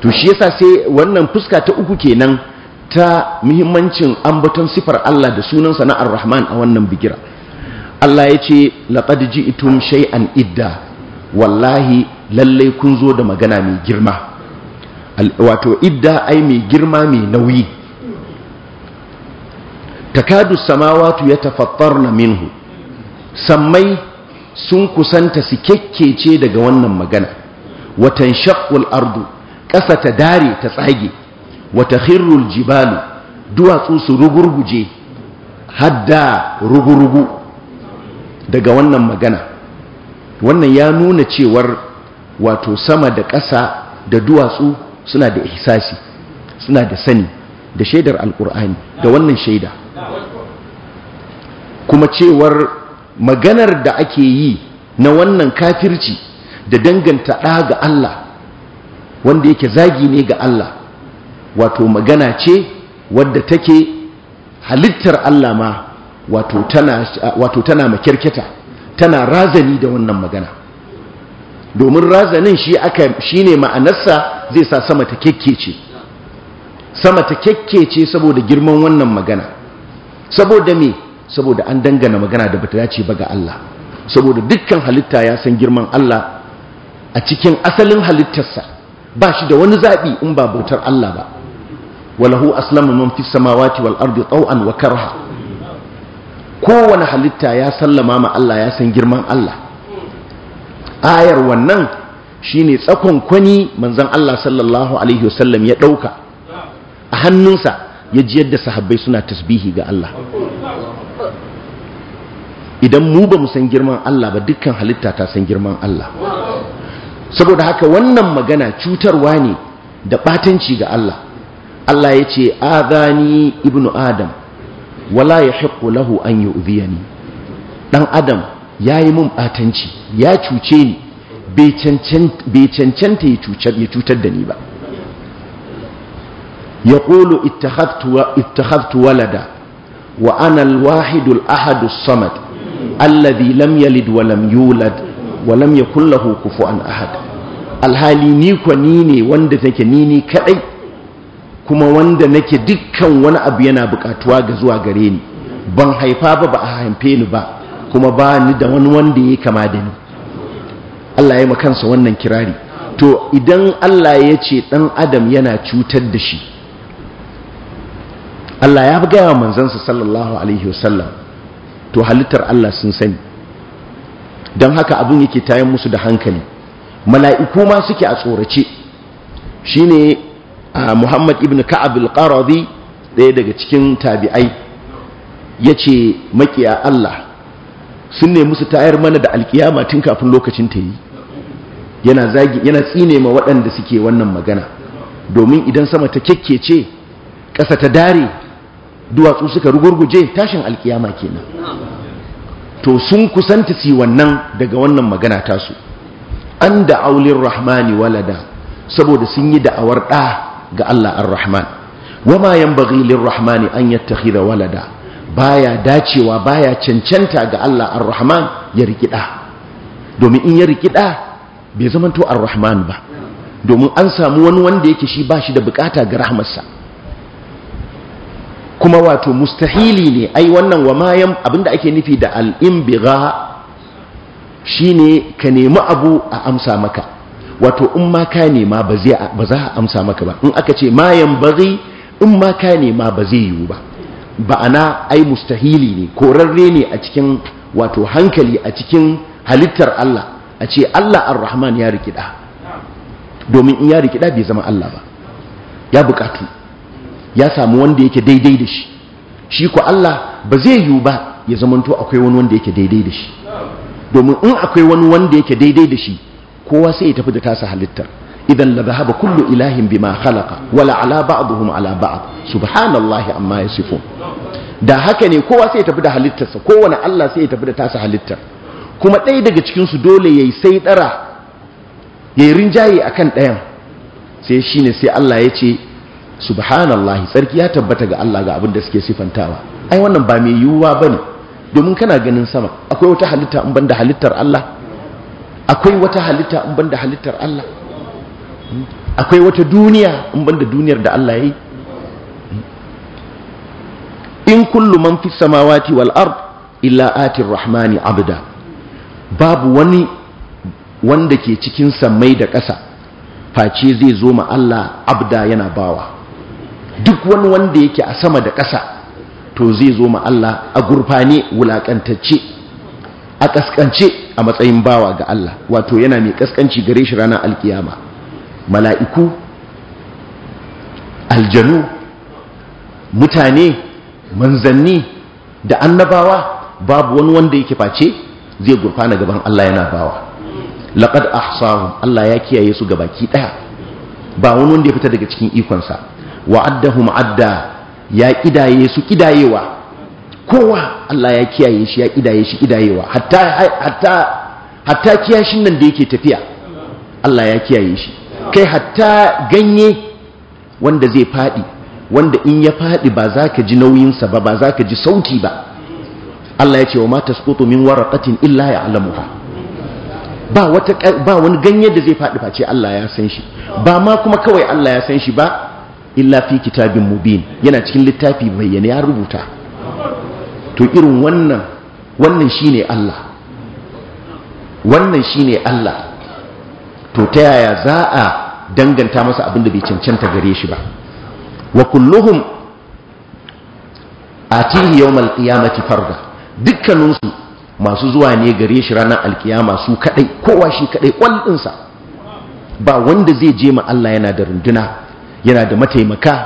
to shi yasa sai wannan fuska ta uku kenan ta muhimmancin ambaton sifar Allah da sunansa na ar-rahman a wannan bigira Allah ya ce laqad ji'tum shay'an idda wallahi lallai kun zo da magana mai girma wato idda ai mai girma mai nauyi takadu samawatu ya na minhu sammai sun kusanta su kekkece daga wannan magana watan shakul ardu ƙasa ta dare ta tsage wata hirul jibalu duwatsu su rugurguje hadda rugurugu daga wannan magana wannan ya nuna cewar wato sama da ƙasa da duwatsu suna da ihsasi suna da sani da shaidar alkur'ani da wannan shaida kuma cewar maganar da ake yi na wannan kafirci da danganta ɗa ga Allah wanda yake zagi ne ga Allah wato magana ce wadda take halittar Allah ma wato tana makirkita tana razani da wannan magana domin razanin shi aka ne ma'anarsa zai sa sama ta kekkece sama ta kekkece saboda girman wannan magana saboda me saboda an dangana magana da bata dace ba ga Allah saboda dukkan halitta ya san girman Allah a cikin asalin halittarsa ba shi da wani zaɓi in ba bautar Allah ba walahu aslama man fi samawati wal ardi taw'an wa karha kowane halitta ya sallama ma Allah ya san girman Allah ayar wannan shine tsakon kwani manzon Allah sallallahu alaihi wasallam ya dauka a hannunsa ya ji yadda sahabbai suna tasbihi ga Allah idan mu ba mu san girman Allah ba dukkan halitta ta san girman Allah saboda haka wannan magana cutarwa ne da batanci ga Allah Allah ya ce adani ibnu adam wala yahiqu lahu an yu'dhiyani dan adam ya yi mun batanci, ya cuce ni bai cancanta ya cutar da ni ba ya ƙolo ittakhaftu walada wa ana wahidul ahadu samad alladhi lam yalid wa lam yulad wa lam yakul lahu kufuwan ahad alhali ni kwa ni ne wanda take ni ne kadai kuma wanda nake dukkan wani abu yana bukatuwa ga zuwa gare ni ban haifa ba ba a haife ni ba kuma ba ni da wani wanda ya kama da ni Allah ya makansa wannan kirari to idan Allah ya ce ɗan adam yana cutar da shi Allah ya gaya manzansa sallallahu alaihi wasallam to halittar Allah sun sani don haka abin yake tayan musu da hankali mala'iku ma suke a tsorace shine Muhammad ibn Ka'ab al ɗaya daga cikin tabi'ai yace makiya Allah sun nemi su tayar mana da alkiyama tun kafin lokacin ta yi yana zagi yana tsine ma waɗanda suke wannan magana domin idan sama ta kekkece ƙasa ta dare duwatsu suka rugurguje tashin alkiyama kenan to sun kusanta si wannan daga wannan magana tasu an da aulin rahmani walada saboda sun yi da'awar ɗa ga Allah ar-rahman wama yanbaghi lir-rahmani an yattakhidha walada baya dacewa baya cancanta ga Allah ar-rahman ya rikida domin in ya rikida bai zamanto ar-rahman ba domin an samu wani wanda yake shi ba shi da bukata ga rahmarsa kuma wato mustahili ne ai wannan wa mayan abinda ake nufi da al imbigha shine ka nemi abu a amsa maka wato in ma ka nema ba za a amsa maka ba in aka ce mayan baghi in ma ka nema ba zai yiwu ba ba ba'ana ai mustahili ne korarre ne a cikin wato hankali a cikin halittar Allah a ce Allah ar-Rahman ya rikida domin in ya rikida bai zama Allah ba ya bukatu ya samu wanda yake daidai da shi shi ko Allah ba zai yiwu ba ya zamanto akwai wani wanda yake daidai da shi domin in akwai wani wanda yake daidai da shi kowa sai ya tafi da tasa halittar idan lazahaba dhahaba kullu ilahin bima khalaqa wala ala ba'dihim ala ba'd subhanallahi amma yasifun da haka ne kowa sai ya tafi da halittarsa kowane Allah sai ya tafi da tasa halittar kuma ɗaya daga cikin su dole yayi sai dara yayi rinjaye akan ɗayan sai shine sai Allah ya ce subhanallahi tsarki ya tabbata ga Allah ga abin da suke sifantawa ai wannan ba mai yiwuwa bane domin kana ganin sama akwai wata halitta in banda halittar Allah akwai wata halitta in banda halittar Allah akwai wata duniya in banda duniyar da Allah ya yi in kullu man fi samawati wal ard illa atir rahmani abda babu wani wanda ke cikin samai da ƙasa face zai zo ma Allah abda yana bawa duk wani wanda yake a sama da ƙasa to zai zo ma Allah a gurfane wulakantacce a kaskance a matsayin bawa ga Allah wato yana mai kaskanci gare shi ranar alkiyama mala'iku aljanu mutane manzanni da annabawa babu wani wanda yake face zai gurfana gaban Allah yana bawa laqad ahsahum Allah ya kiyaye su gabaki ɗaya ba wani wanda ya fita daga cikin ikonsa wa addahum adda ya kidaye su kidayewa kowa Allah ya kiyaye shi ya kidaye shi kidayewa hatta hatta hatta kiyashin nan da yake tafiya Allah ya kiyaye shi kai hatta ganye wanda zai faɗi wanda in ya faɗi ba za ka ji nauyinsa ba ba za ka ji sauti ba Allah ya ce wa mata skutu min waraqatin illa ya alamu ba ba wani ganye da zai faɗi face Allah ya san shi ba ma kuma kawai Allah ya san shi ba illa fi kitabin mubin yana cikin littafi bayyane ya rubuta to irin wannan wannan shine Allah wannan shine Allah to ta yaya za a danganta masa abin da bai cancanta gare shi ba wa kulluhum atihi yawmal qiyamati farda dukkaninsu masu zuwa ne gare shi ranar alkiyama su kadai kowa shi kadai kwallinsa ba wanda zai je ma Allah yana da runduna yana da mataimaka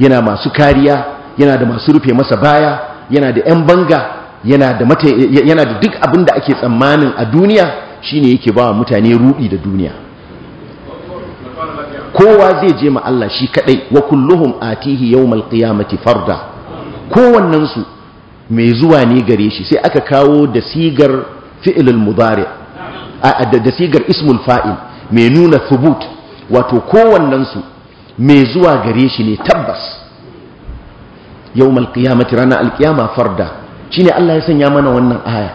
yana masu kariya yana da masu rufe masa baya yana da 'yan banga yana da duk abin da ake tsammanin a duniya shine yake ba mutane rudi da duniya kowa zai je ma Allah shi kadai wa kulluhum atihi yawmal qiyamati farda kowannen su mai zuwa ne gare shi sai aka kawo da sigar fi'ilul mudari da sigar ismul fa'il mai nuna thubut wato kowannen su mai zuwa gare shi ne tabbas yawmal qiyamati rana alqiyama farda shine Allah ya sanya mana wannan aya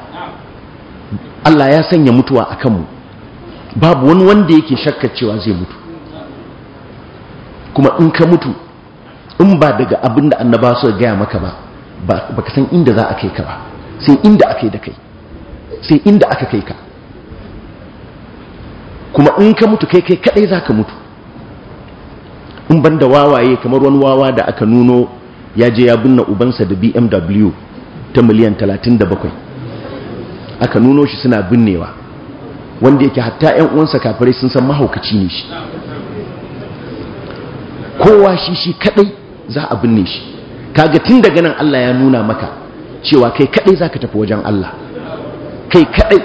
Allah ya sanya mutuwa akan mu babu wani wanda yake shakkar cewa zai mutu kuma in ka mutu in ba daga abin da annaba su gaya maka ba ba ka san inda za a kai ka ba sai inda aka yi da kai sai inda aka kai ka kuma in ka mutu kai kai kadai za ka mutu in ban da wawaye kamar wani wawa da aka nuno ya je ya binne ubansa da bmw ta miliyan 37 aka nuno shi suna binnewa wanda yake hatta 'yan uwansa kafirai sun san mahaukaci ne shi kowa shi shi kadai za a binne shi kaga tun daga nan Allah ya nuna maka cewa kai kadai ka tafi wajen Allah kai kadai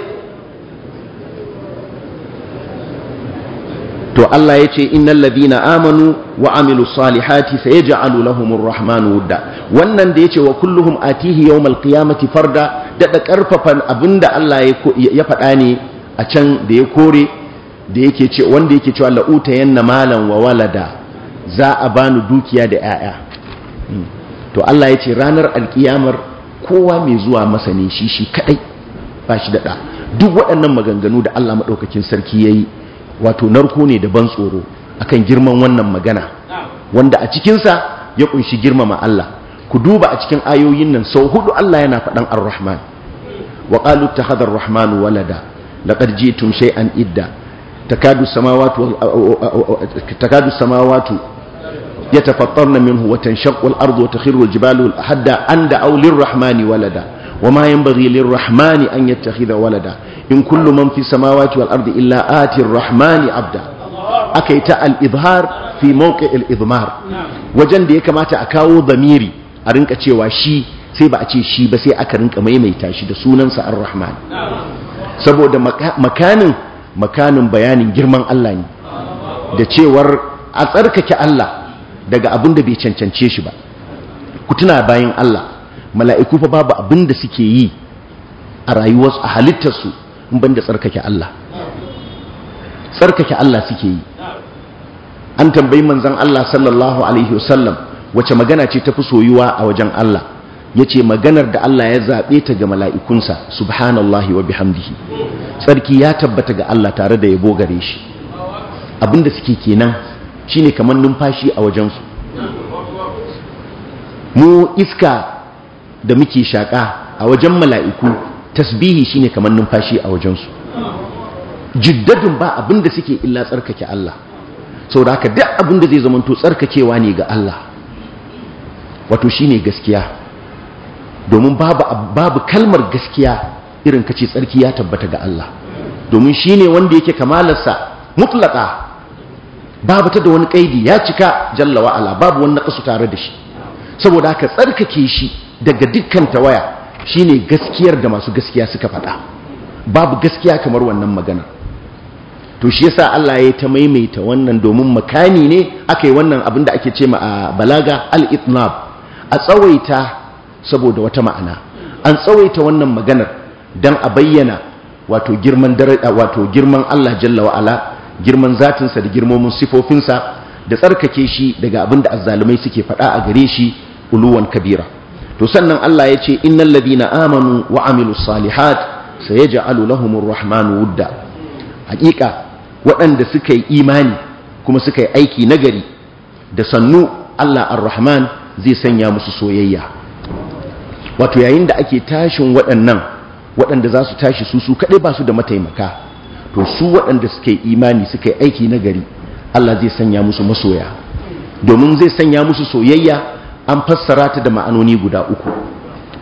to Allah ya ce innal ladina amanu wa amilu salihati sayaj'alu lahumur rahmanu wudda wannan da yace wa kulluhum atihi yawmal qiyamati farda da da karfafan abinda Allah ya faɗa ne a can da ya kore da yake ce wanda yake cewa la'uta yanna malan wa walada za a bani dukiya da 'ya'ya hmm. to Allah ya ce ranar alkiyamar kowa mai zuwa masani shi shi kadai ba shi daɗa duk waɗannan maganganu da Allah maɗaukacin sarki ya yi wato narko ne da ban tsoro akan girman wannan magana wanda a cikinsa ya ƙunshi girmama Allah ku duba a cikin ayoyin nan sau hudu Allah yana faɗan ar-rahman wa qalu ittakhadha ar-rahman walada laqad ji'tum shay'an idda takadu samawati takadu samawati Ya minhu na min al-ardu wa takhirru al-jibalu hadda anda aw lir-rahmani walada wa ma yanbaghi lir-rahmani an yattakhidha walada in kullum man fi samawati wal-ardi illa ati ar-rahmani abda ta al-ibhar fi mawqi' al-idmar wajan da yakamata akawo damiri a rinka cewa shi sai ba a ce shi ba sai aka rinka maimaita shi da sunan sa rahman saboda makanin makanin bayanin girman Allah ne da cewar a tsarkake Allah daga abin da bai cancance shi ba ku tuna bayan Allah mala'iku fa babu abin da suke yi a rayuwarsu a halittarsu in banda tsarkake Allah tsarkake Allah suke yi an tambayi manzon Allah sallallahu alaihi wasallam wace magana ce tafi soyuwa a wajen Allah yace maganar da Allah ya zabe ta ga mala'ikunsa subhanallahi wa bihamdihi tsarki ya tabbata ga Allah tare da yabo gare shi abinda suke kenan Shi ne kamar numfashi a wajensu mu iska da muke shaƙa a wajen mala'iku tasbihi shi ne kamar numfashi a wajensu Jiddadin ba abinda suke illa tsarkake Allah saboda haka duk abinda zai zamanto tsarkakewa ne ga Allah wato shine gaskiya domin babu kalmar gaskiya irin kace tsarki ya tabbata ga Allah domin shi ne wanda yake kamalarsa mutlaka babu ta da wani kaidi ya cika jalla wa'ala babu wani nakasu tare da shi saboda haka tsarkake shi daga dukkan tawaya shine gaskiyar da masu gaskiya suka faɗa babu gaskiya kamar wannan magana to shi yasa Allah ya ta maimaita wannan domin makani ne aka yi wannan abin da ake ce ma a balaga al-itnab a tsawaita saboda wata ma'ana an tsawaita wannan maganar dan a bayyana wato girman wato girman Allah jalla wa'ala girman zatinsa da girmomin sifofinsa da tsarkake shi daga abin da azzalumai suke faɗa a gare shi uluwan kabira to sannan Allah ya ce innal ladina amanu wa amilus salihat sayaj'alu lahumur rahmanu wudda hakika waɗanda suka yi imani kuma suka yi aiki nagari da sannu Allah ar-rahman zai sanya musu soyayya wato yayin da ake tashin waɗannan waɗanda za su tashi su su kaɗai ba su da mataimaka to su waɗanda suke imani suke aiki na gari Allah zai sanya musu masoya domin zai sanya musu soyayya an fassara ta da ma'anoni guda uku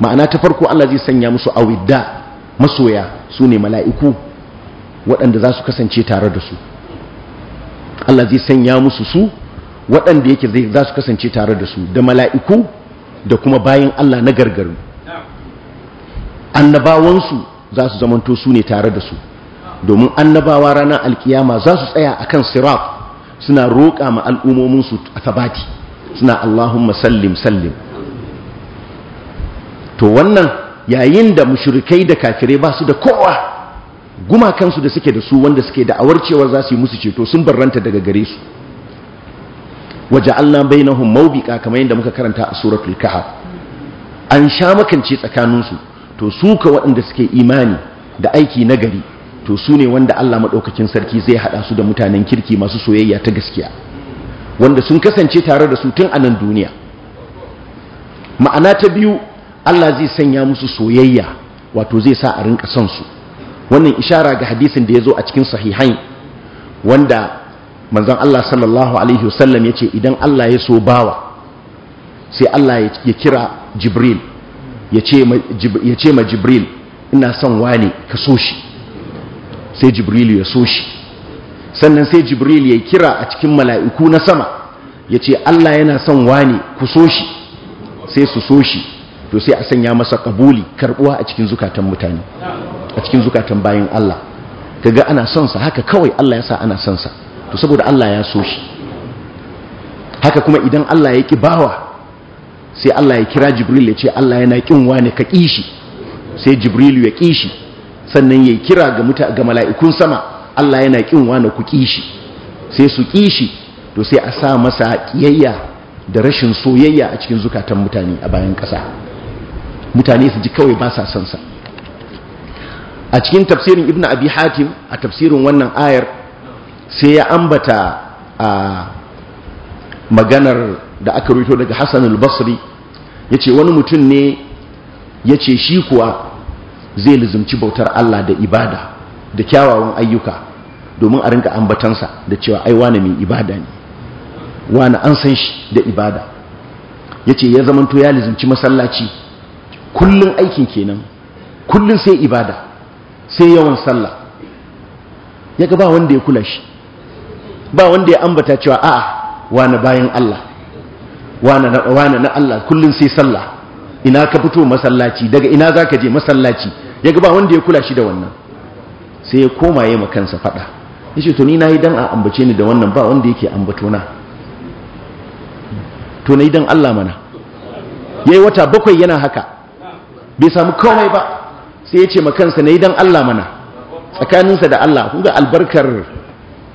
ma'ana ta farko Allah zai sanya musu awidda masoya su ne mala'iku waɗanda za su kasance tare da su Allah zai sanya musu su waɗanda yake za su kasance tare da su da mala'iku da kuma bayan Allah na gargaru annabawansu za su zamanto su ne tare da su domin annabawa ranar alkiyama za su tsaya a kan sirat suna roƙa ma al'ummominsu a tabati suna allahun masallim sallim to wannan yayin da mushirikai da kafirai ba su da kowa gumakansu da suke da su wanda suke da awarcewa za su yi musu ceto sun barranta daga gare su waje Allah bainahum mawbiqa kamar yadda muka karanta a suratul kahf an sha makance tsakaninsu to suka waɗanda suke imani da aiki na gari. to su ne wanda Allah maɗaukakin sarki zai haɗa su da mutanen kirki masu soyayya ta gaskiya wanda sun kasance tare da su tun a nan duniya ma'ana ta biyu Allah zai sanya musu soyayya wato zai sa a rinka son su wannan ishara ga hadisin da ya zo a cikin sahihain wanda manzon Allah sallallahu alaihi wasallam ya ce idan Allah ya so bawa sai Allah ya kira Jibril ya ce ma Jibril ina son wane ka so shi sai jibrilu ya so shi sannan sai jibril ya kira a cikin mala'iku na sama ya ce Allah yana son wani ku so shi sai su so shi to sai a sanya masa ƙabuli karbuwa a cikin zukatan mutane a cikin zukatan bayan Allah kaga ana son sa haka kawai Allah ya sa ana son sa to saboda Allah ya so shi haka kuma idan Allah ya ki bawa sai Allah ya kira jibril ya ce Allah yana kin wani ka kishi sai jibrilu ya kishi sannan ya kira ga muta ga mala'ikun sama Allah yana ƙinwa na ku kishi sai su ƙishi to sai a sa masa ƙiyayya da rashin soyayya a cikin zukatan mutane a bayan ƙasa mutane su ji kawai ba sa son a cikin tafsirin Ibn abi hatim a tafsirin wannan ayar sai ya ambata a maganar da aka rito daga Hassan al-Basri ce wani mutum ne ya ce shi kuwa zai lizumci bautar Allah da ibada da kyawawan ayyuka domin a rinka ambatansa da cewa ai wani mai ibada ne wani an san shi da ibada ya ce ya zamanto ya lizumci masallaci kullum aikin kenan kullum sai ibada sai yawan sallah ya ga ba wanda ya kula shi ba wanda ya ambata cewa a'a wane bayan Allah wane na Allah kullum sai sallah ina ka fito masallaci daga ina za ka je masallaci ya gaba ba wanda ya kula shi da wannan sai ya koma ya makansa fada ya ce to ni na yi dan a ambace ni da wannan ba wanda yake ambato na to na yi dan Allah mana ya yi wata bakwai yana haka bai samu komai ba sai ya ce makansa na yi dan Allah mana tsakaninsa da Allah kun ga albarkar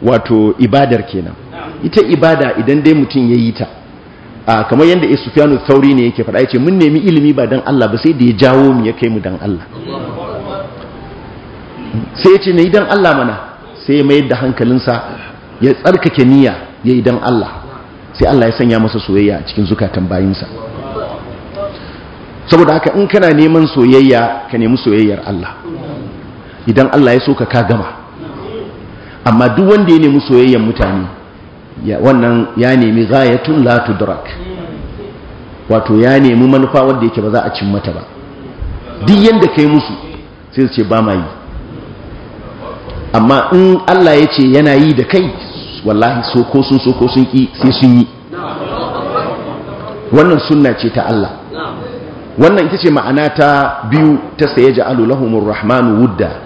wato ibadar kenan ita ibada idan dai mutum ya yi ta kamar yadda Sufyanu tauri ne yake faɗa yace mun nemi ilimi ba dan Allah ba sai da ya jawo mu ya kai mu dan Allah sai yace yi dan Allah mana sai ya mayar da hankalinsa ya tsarkake niyya ya yi dan Allah sai Allah ya sanya masa soyayya a cikin zukatan bayinsa saboda haka in kana neman soyayya ka nemi soyayyar Allah idan Allah ya so ka ka gama amma duk wanda ya nemi soyayyar mutane wannan ya nemi ghayatun la tudrak wato ya nemi manufa wanda yake ba za a cin mata ba duk yanda kai musu sai su ce ba ma yi amma in Allah ya ce yana yi da kai wallahi so sun so sun ki sai sun yi wannan sunna ce ta Allah wannan ita ce ma'ana ta biyu ta saye ja'alu lahumur rahmanu wudda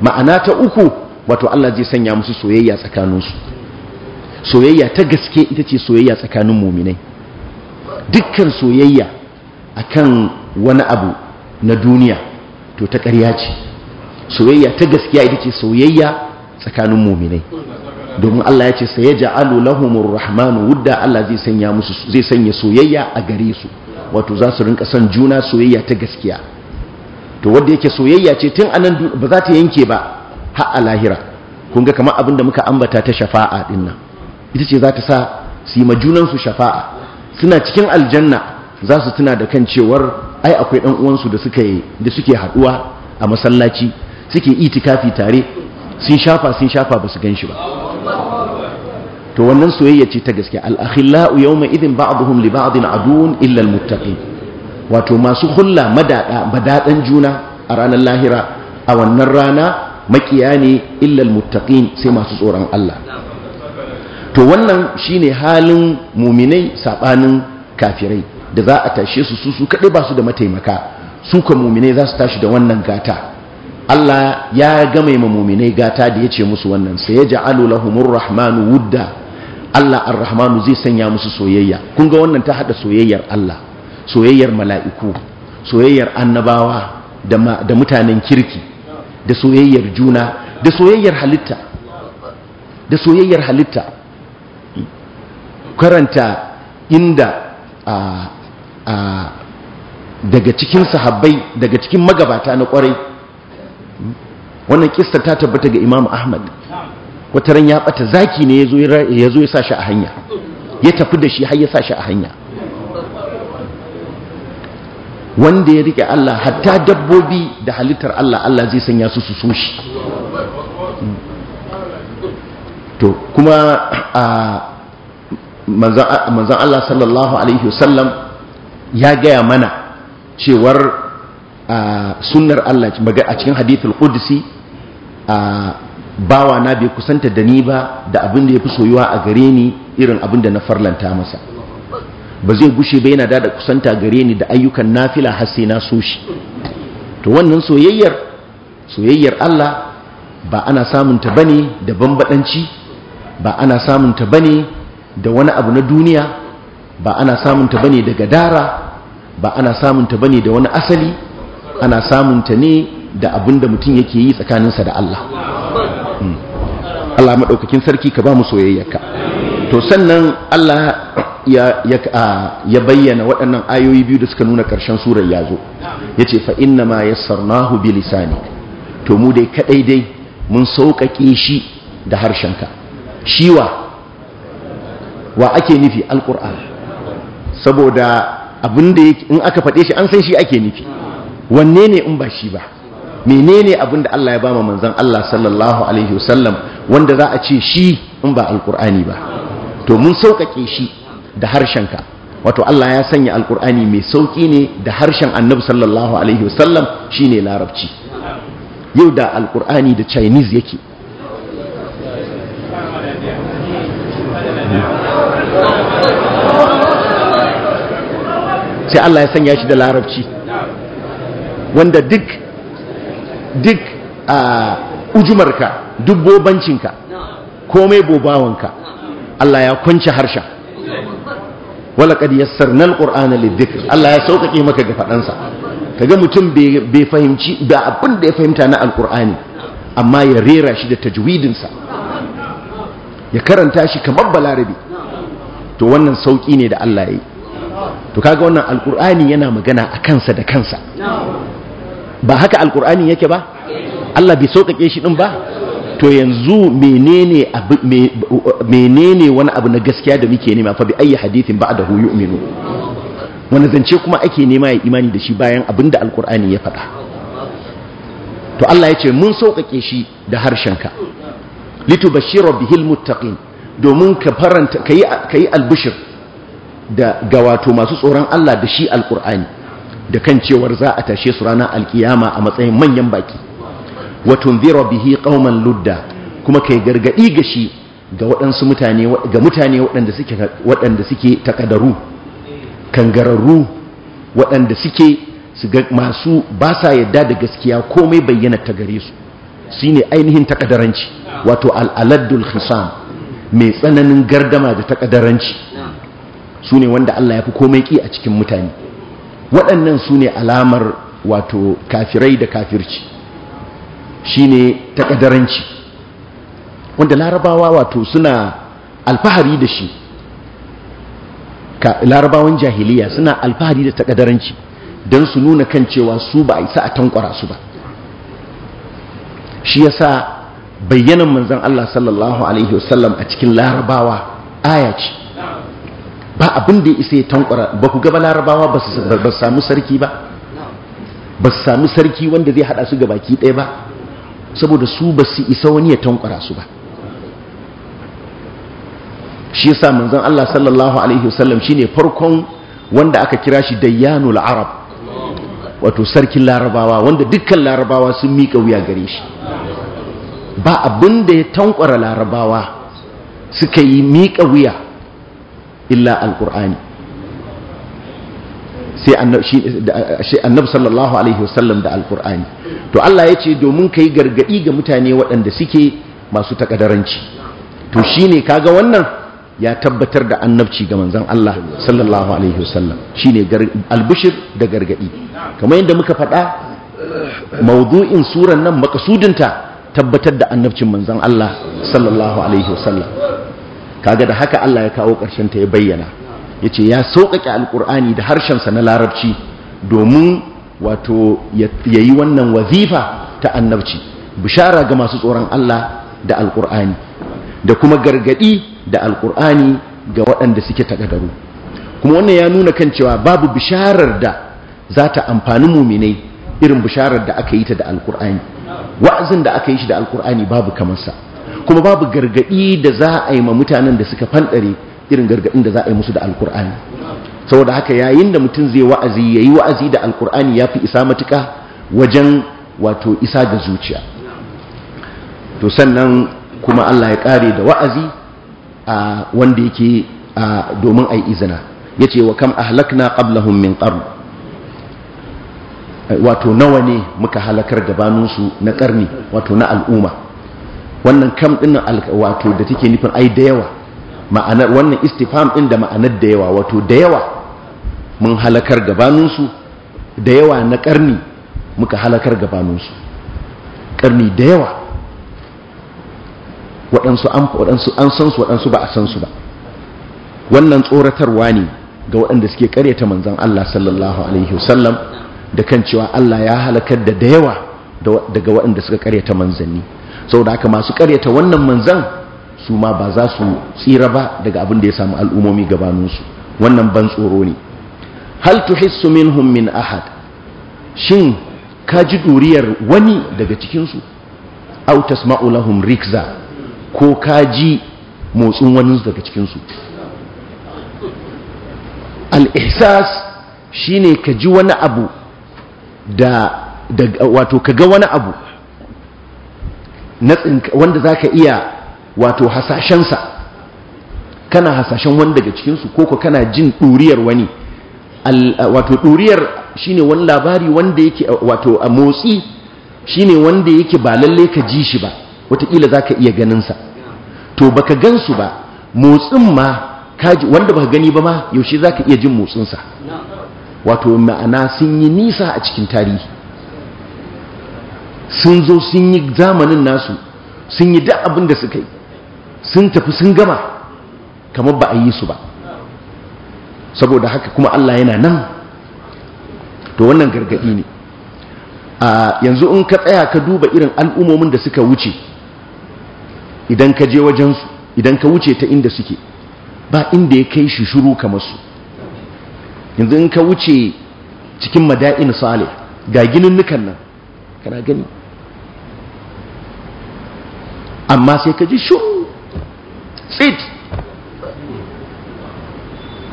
ma'ana ta uku wato Allah zai sanya musu soyayya tsakaninsu soyayya ta gaske ita ce soyayya tsakanin muminai dukkan soyayya akan wani abu na duniya to ta ƙarya ce soyayya ta gaskiya ita ce soyayya tsakanin muminai domin Allah ya ce sai ya ja'alu lahumur rahmanu wudda Allah zai sanya zai sanya soyayya a gare su wato za su rinka son juna soyayya ta gaskiya to wanda yake soyayya ce tun anan ba za ta yanke ba har a lahira kun ga kamar abin da muka ambata ta shafa'a dinnan ita ce za ta sa su yi majunansu shafa'a suna cikin aljanna za su tuna da kan cewar ai akwai ɗan uwansu da suke haɗuwa a masallaci suke itikafi tare sun shafa sun shafa ba su gan shi ba to wannan soyayya ce ta gaske al'akhila'u yauma mai idin ba'aduhun li ba'din illal illa wato masu hulla madaɗa madaɗan juna a ranar lahira a wannan rana makiya ne illal al sai masu tsoron Allah to wannan shine halin muminai saɓanin kafirai da za a tashe su su su kadai ba su da mataimaka su ka muminai za su tashi da wannan gata Allah ya gama ma muminai gata da ya ce musu wannan sai ya rahmanu wudda Allah an rahmanu zai sanya musu soyayya kun ga wannan ta haɗa soyayyar Allah soyayyar mala'iku soyayyar annabawa da mutanen kirki da soyayyar juna da soyayyar da soyayyar halitta karanta inda daga cikin sahabbai daga cikin magabata na kwarai wannan kista ta tabbata ga imamu ahmad wata ran ya bata zaki ne ya zo ya sa shi a hanya ya tafi da shi har ya sa shi a hanya wanda ya rike Allah hatta dabbobi da halittar Allah Allah zai sanya su su so shi to kuma a manzan Allah sallallahu alaihi wasallam ya gaya mana cewar sunnar Allah a cikin hadithul qudsi bawa na bai kusanta da ni ba da abin da ya fi soyuwa a gare ni irin abin da na farlanta masa ba zai gushe ba yana da kusanta gare ni da ayyukan nafila har sai na so shi to wannan soyayyar soyayyar Allah ba ana samunta ba bane da bambadanci ba ana samunta ba bane da wani abu na duniya ba ana samunta bane daga dara ba ana samunta bane da wani asali ana samun ta ne da abin da mutum yake yi tsakaninsa da Allah hmm. Allah maɗaukakin sarki ka ba mu soyayyarka to sannan Allah ya bayyana waɗannan ayoyi biyu da suka nuna ƙarshen surar ya zo ya ce fa inna ma ya sarnahu lisani to mu dai kaɗai dai mun sauƙaƙe shi da harshenka shiwa wa ake nufi alkur'an saboda abin da in aka faɗe shi an san shi ake nufi wanne ne in ba shi ba menene abin da Allah ya bama manzon Allah sallallahu alaihi wasallam wanda za a ce shi in ba alkur'ani ba to mun sauƙaƙe shi da harshenka wato Allah ya sanya alkur'ani mai sauƙi ne da harshen annabi sallallahu alaihi wasallam shine larabci yau da alkur'ani da chinese yake sai Allah ya sanya shi da larabci wanda duk duk a ujumarka duk bobancinka komai bobawanka Allah ya kwanci harsha wala kad yassarna alqur'ana lidhikr Allah ya sauƙaƙe maka ga faɗansa kaga mutum bai fahimci da abin da ya fahimta na alqur'ani amma ya rera shi da tajwidinsa ya karanta shi kamar balarabi to wannan sauƙi ne da Allah ya yi to kaga wannan alkur'ani yana magana a kansa da kansa ba haka alkur'ani yake ba Allah bai sauƙaƙe shi ɗin ba to yanzu menene wani abu na gaskiya da muke nema fa bi ayi hadithin ba da huyu uminu wani zance kuma ake nema ya imani da shi bayan abin da alkur'ani ya faɗa to Allah ya ce mun sauƙaƙe shi da harshenka litubashshira bihil muttaqin domin ka faranta kayi albishir da ga wato masu tsoron Allah da shi alkur'ani da kan cewar za a tashe su ranar alkiyama a matsayin manyan baki wato zira bihi qauman ludda kuma kai gargaɗi ga shi ga waɗansu mutane ga mutane waɗanda suke waɗanda suke takadaru kangararru waɗanda suke su ga masu ba sa yadda da gaskiya komai bayyana ta gare su shine ainihin takadaranci wato al'aladdul khisam mai tsananin gardama da takadaranci su ne wanda Allah ya fi komai ƙi a cikin mutane waɗannan su ne alamar wato kafirai da kafirci shi ne taƙadaranci wanda larabawa wato suna alfahari da shi larabawan jahiliya suna alfahari da taƙadaranci don su nuna kan cewa su ba a isa a tankwara su ba shi yasa bayyanan manzan Allah sallallahu Alaihi wasallam a cikin larabawa aya ce ba abin da ya isa ya tankwara ba ku gaba larabawa ba su samu sarki ba ba su samu sarki wanda zai hada su gabaki ɗaya ba saboda su ba su isa wani ya tankwara su ba shi yasa manzon Allah sallallahu alaihi wasallam shine farkon wanda aka kira shi dayyanul arab wato sarkin larabawa wanda dukkan larabawa sun miƙa wuya gare shi ba abin da ya tankwara larabawa suka yi miƙa wuya illa Alƙur'ani sai annabi sallallahu alaihi wasallam da Alƙur'ani, to Allah ya ce domin ka yi gargaɗi ga mutane waɗanda suke masu takadaranci to shi ne kaga wannan ya tabbatar da annabci ga manzan Allah sallallahu alaihi wasallam shi ne albishir da gargaɗi kamar yadda muka faɗa maudu'in suran nan makasudinta tabbatar da annabcin manzan Allah sallallahu alaihi wasallam kaga da haka Allah ya kawo ƙarshen ta ya bayyana ya ce ya sauƙaƙe alƙur'ani da harshen sa na larabci domin wato ya yi wannan wazifa ta annabci bishara ga masu tsoron Allah da alƙur'ani da kuma gargaɗi da alƙur'ani ga waɗanda suke takadaru kuma wannan ya nuna kan cewa babu bisharar da za ta amfani muminai irin bisharar da aka yi ta da Alƙur'ani, wa'azin da aka yi shi da Alƙur'ani babu kamarsa kuma babu gargaɗi da za a yi ma mutanen da suka fanɗare irin gargaɗin da za a yi musu da alkur'ani saboda haka yayin da mutum zai wa'azi ya yi wa'azi da alkur'ani fi isa matuka wajen wato isa ga zuciya to sannan kuma Allah ya kare da wa'azi a wanda yake domin a yi izina Ya ce wa kam ahlakna qablahum min ƙaru? wato nawa ne muka halakar gabaninsu na ƙarni wato na al'umma wannan kam ɗin wato da take nufin ai da yawa ma'anar wannan istifam ɗin da ma'anar da yawa wato da yawa mun halakar su da yawa na ƙarni muka halakar su ƙarni da yawa waɗansu an san su waɗansu ba a san su ba wannan tsoratarwa ne ga waɗanda suke ƙaryata manzan Allah sallallahu alaihi wasallam da kan cewa Allah ya halakar da da yawa daga waɗanda suka ƙaryata manzanni da aka masu karyata wannan manzan su ma ba za su tsira ba daga abin da ya samu al'umomi gabaninsu wannan ban tsoro ne hal tuhissu minhum min ahad shin ka ji duriyar wani daga cikinsu au tasma'u lahum rikza ko ka ji motsin wani daga cikinsu al-ihsas shine ka ji wani abu da wato ka ga wani abu wanda za ka iya wato hasashensa kana hasashen wani daga cikinsu koko kana jin ɗuriyar wani wato ɗuriyar shi ne wani labari wanda yake wato a motsi shi ne wanda yake ba lalle ka ji shi ba watakila za ka iya ganinsa to baka su ba motsin ma kaji wanda baka gani ba ma yaushe za ka iya jin motsinsa wato ma'ana sun yi nisa a cikin tarihi sun zo sun yi zamanin nasu sun yi duk abin da suka yi sun tafi sun gama kamar ba a yi su ba saboda haka kuma Allah yana nan to wannan gargadi ne a yanzu in ka tsaya ka duba irin al'ummomin da suka wuce idan ka je wajensu idan ka wuce ta inda suke ba inda ya kai shi shuru kamar su yanzu in ka wuce cikin mada'in salih ga ginin nukan nan kana gani amma sai ka ji shuru tsit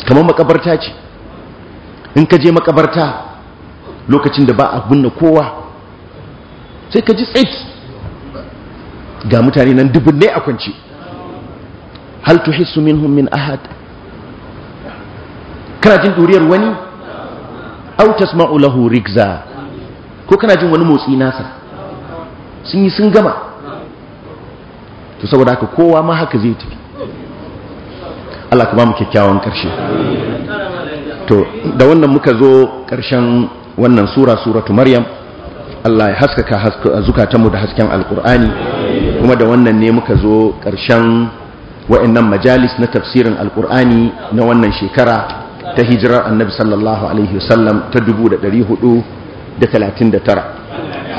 kamar makabarta ce in ka je makabarta lokacin da ba a gunna kowa sai ka ji tsit ga mutane nan dubunne a kwanci hal tuhissu minhum min ahad kana jin duriyar wani Autas tasma'u lahu rigza ko kana jin wani motsi nasa sun yi sun gama to saboda haka kowa ma haka zai tafi Allah kuma ba mu kyakkyawan karshe to da wannan muka zo karshen wannan sura suratu maryam Allah ya haskaka zukatanmu da hasken alkur'ani kuma da wannan ne muka zo karshen wa'annan majalis na tafsirin alkur'ani na wannan shekara ta hijirar annabi sallallahu alaihi wasallam ta tara.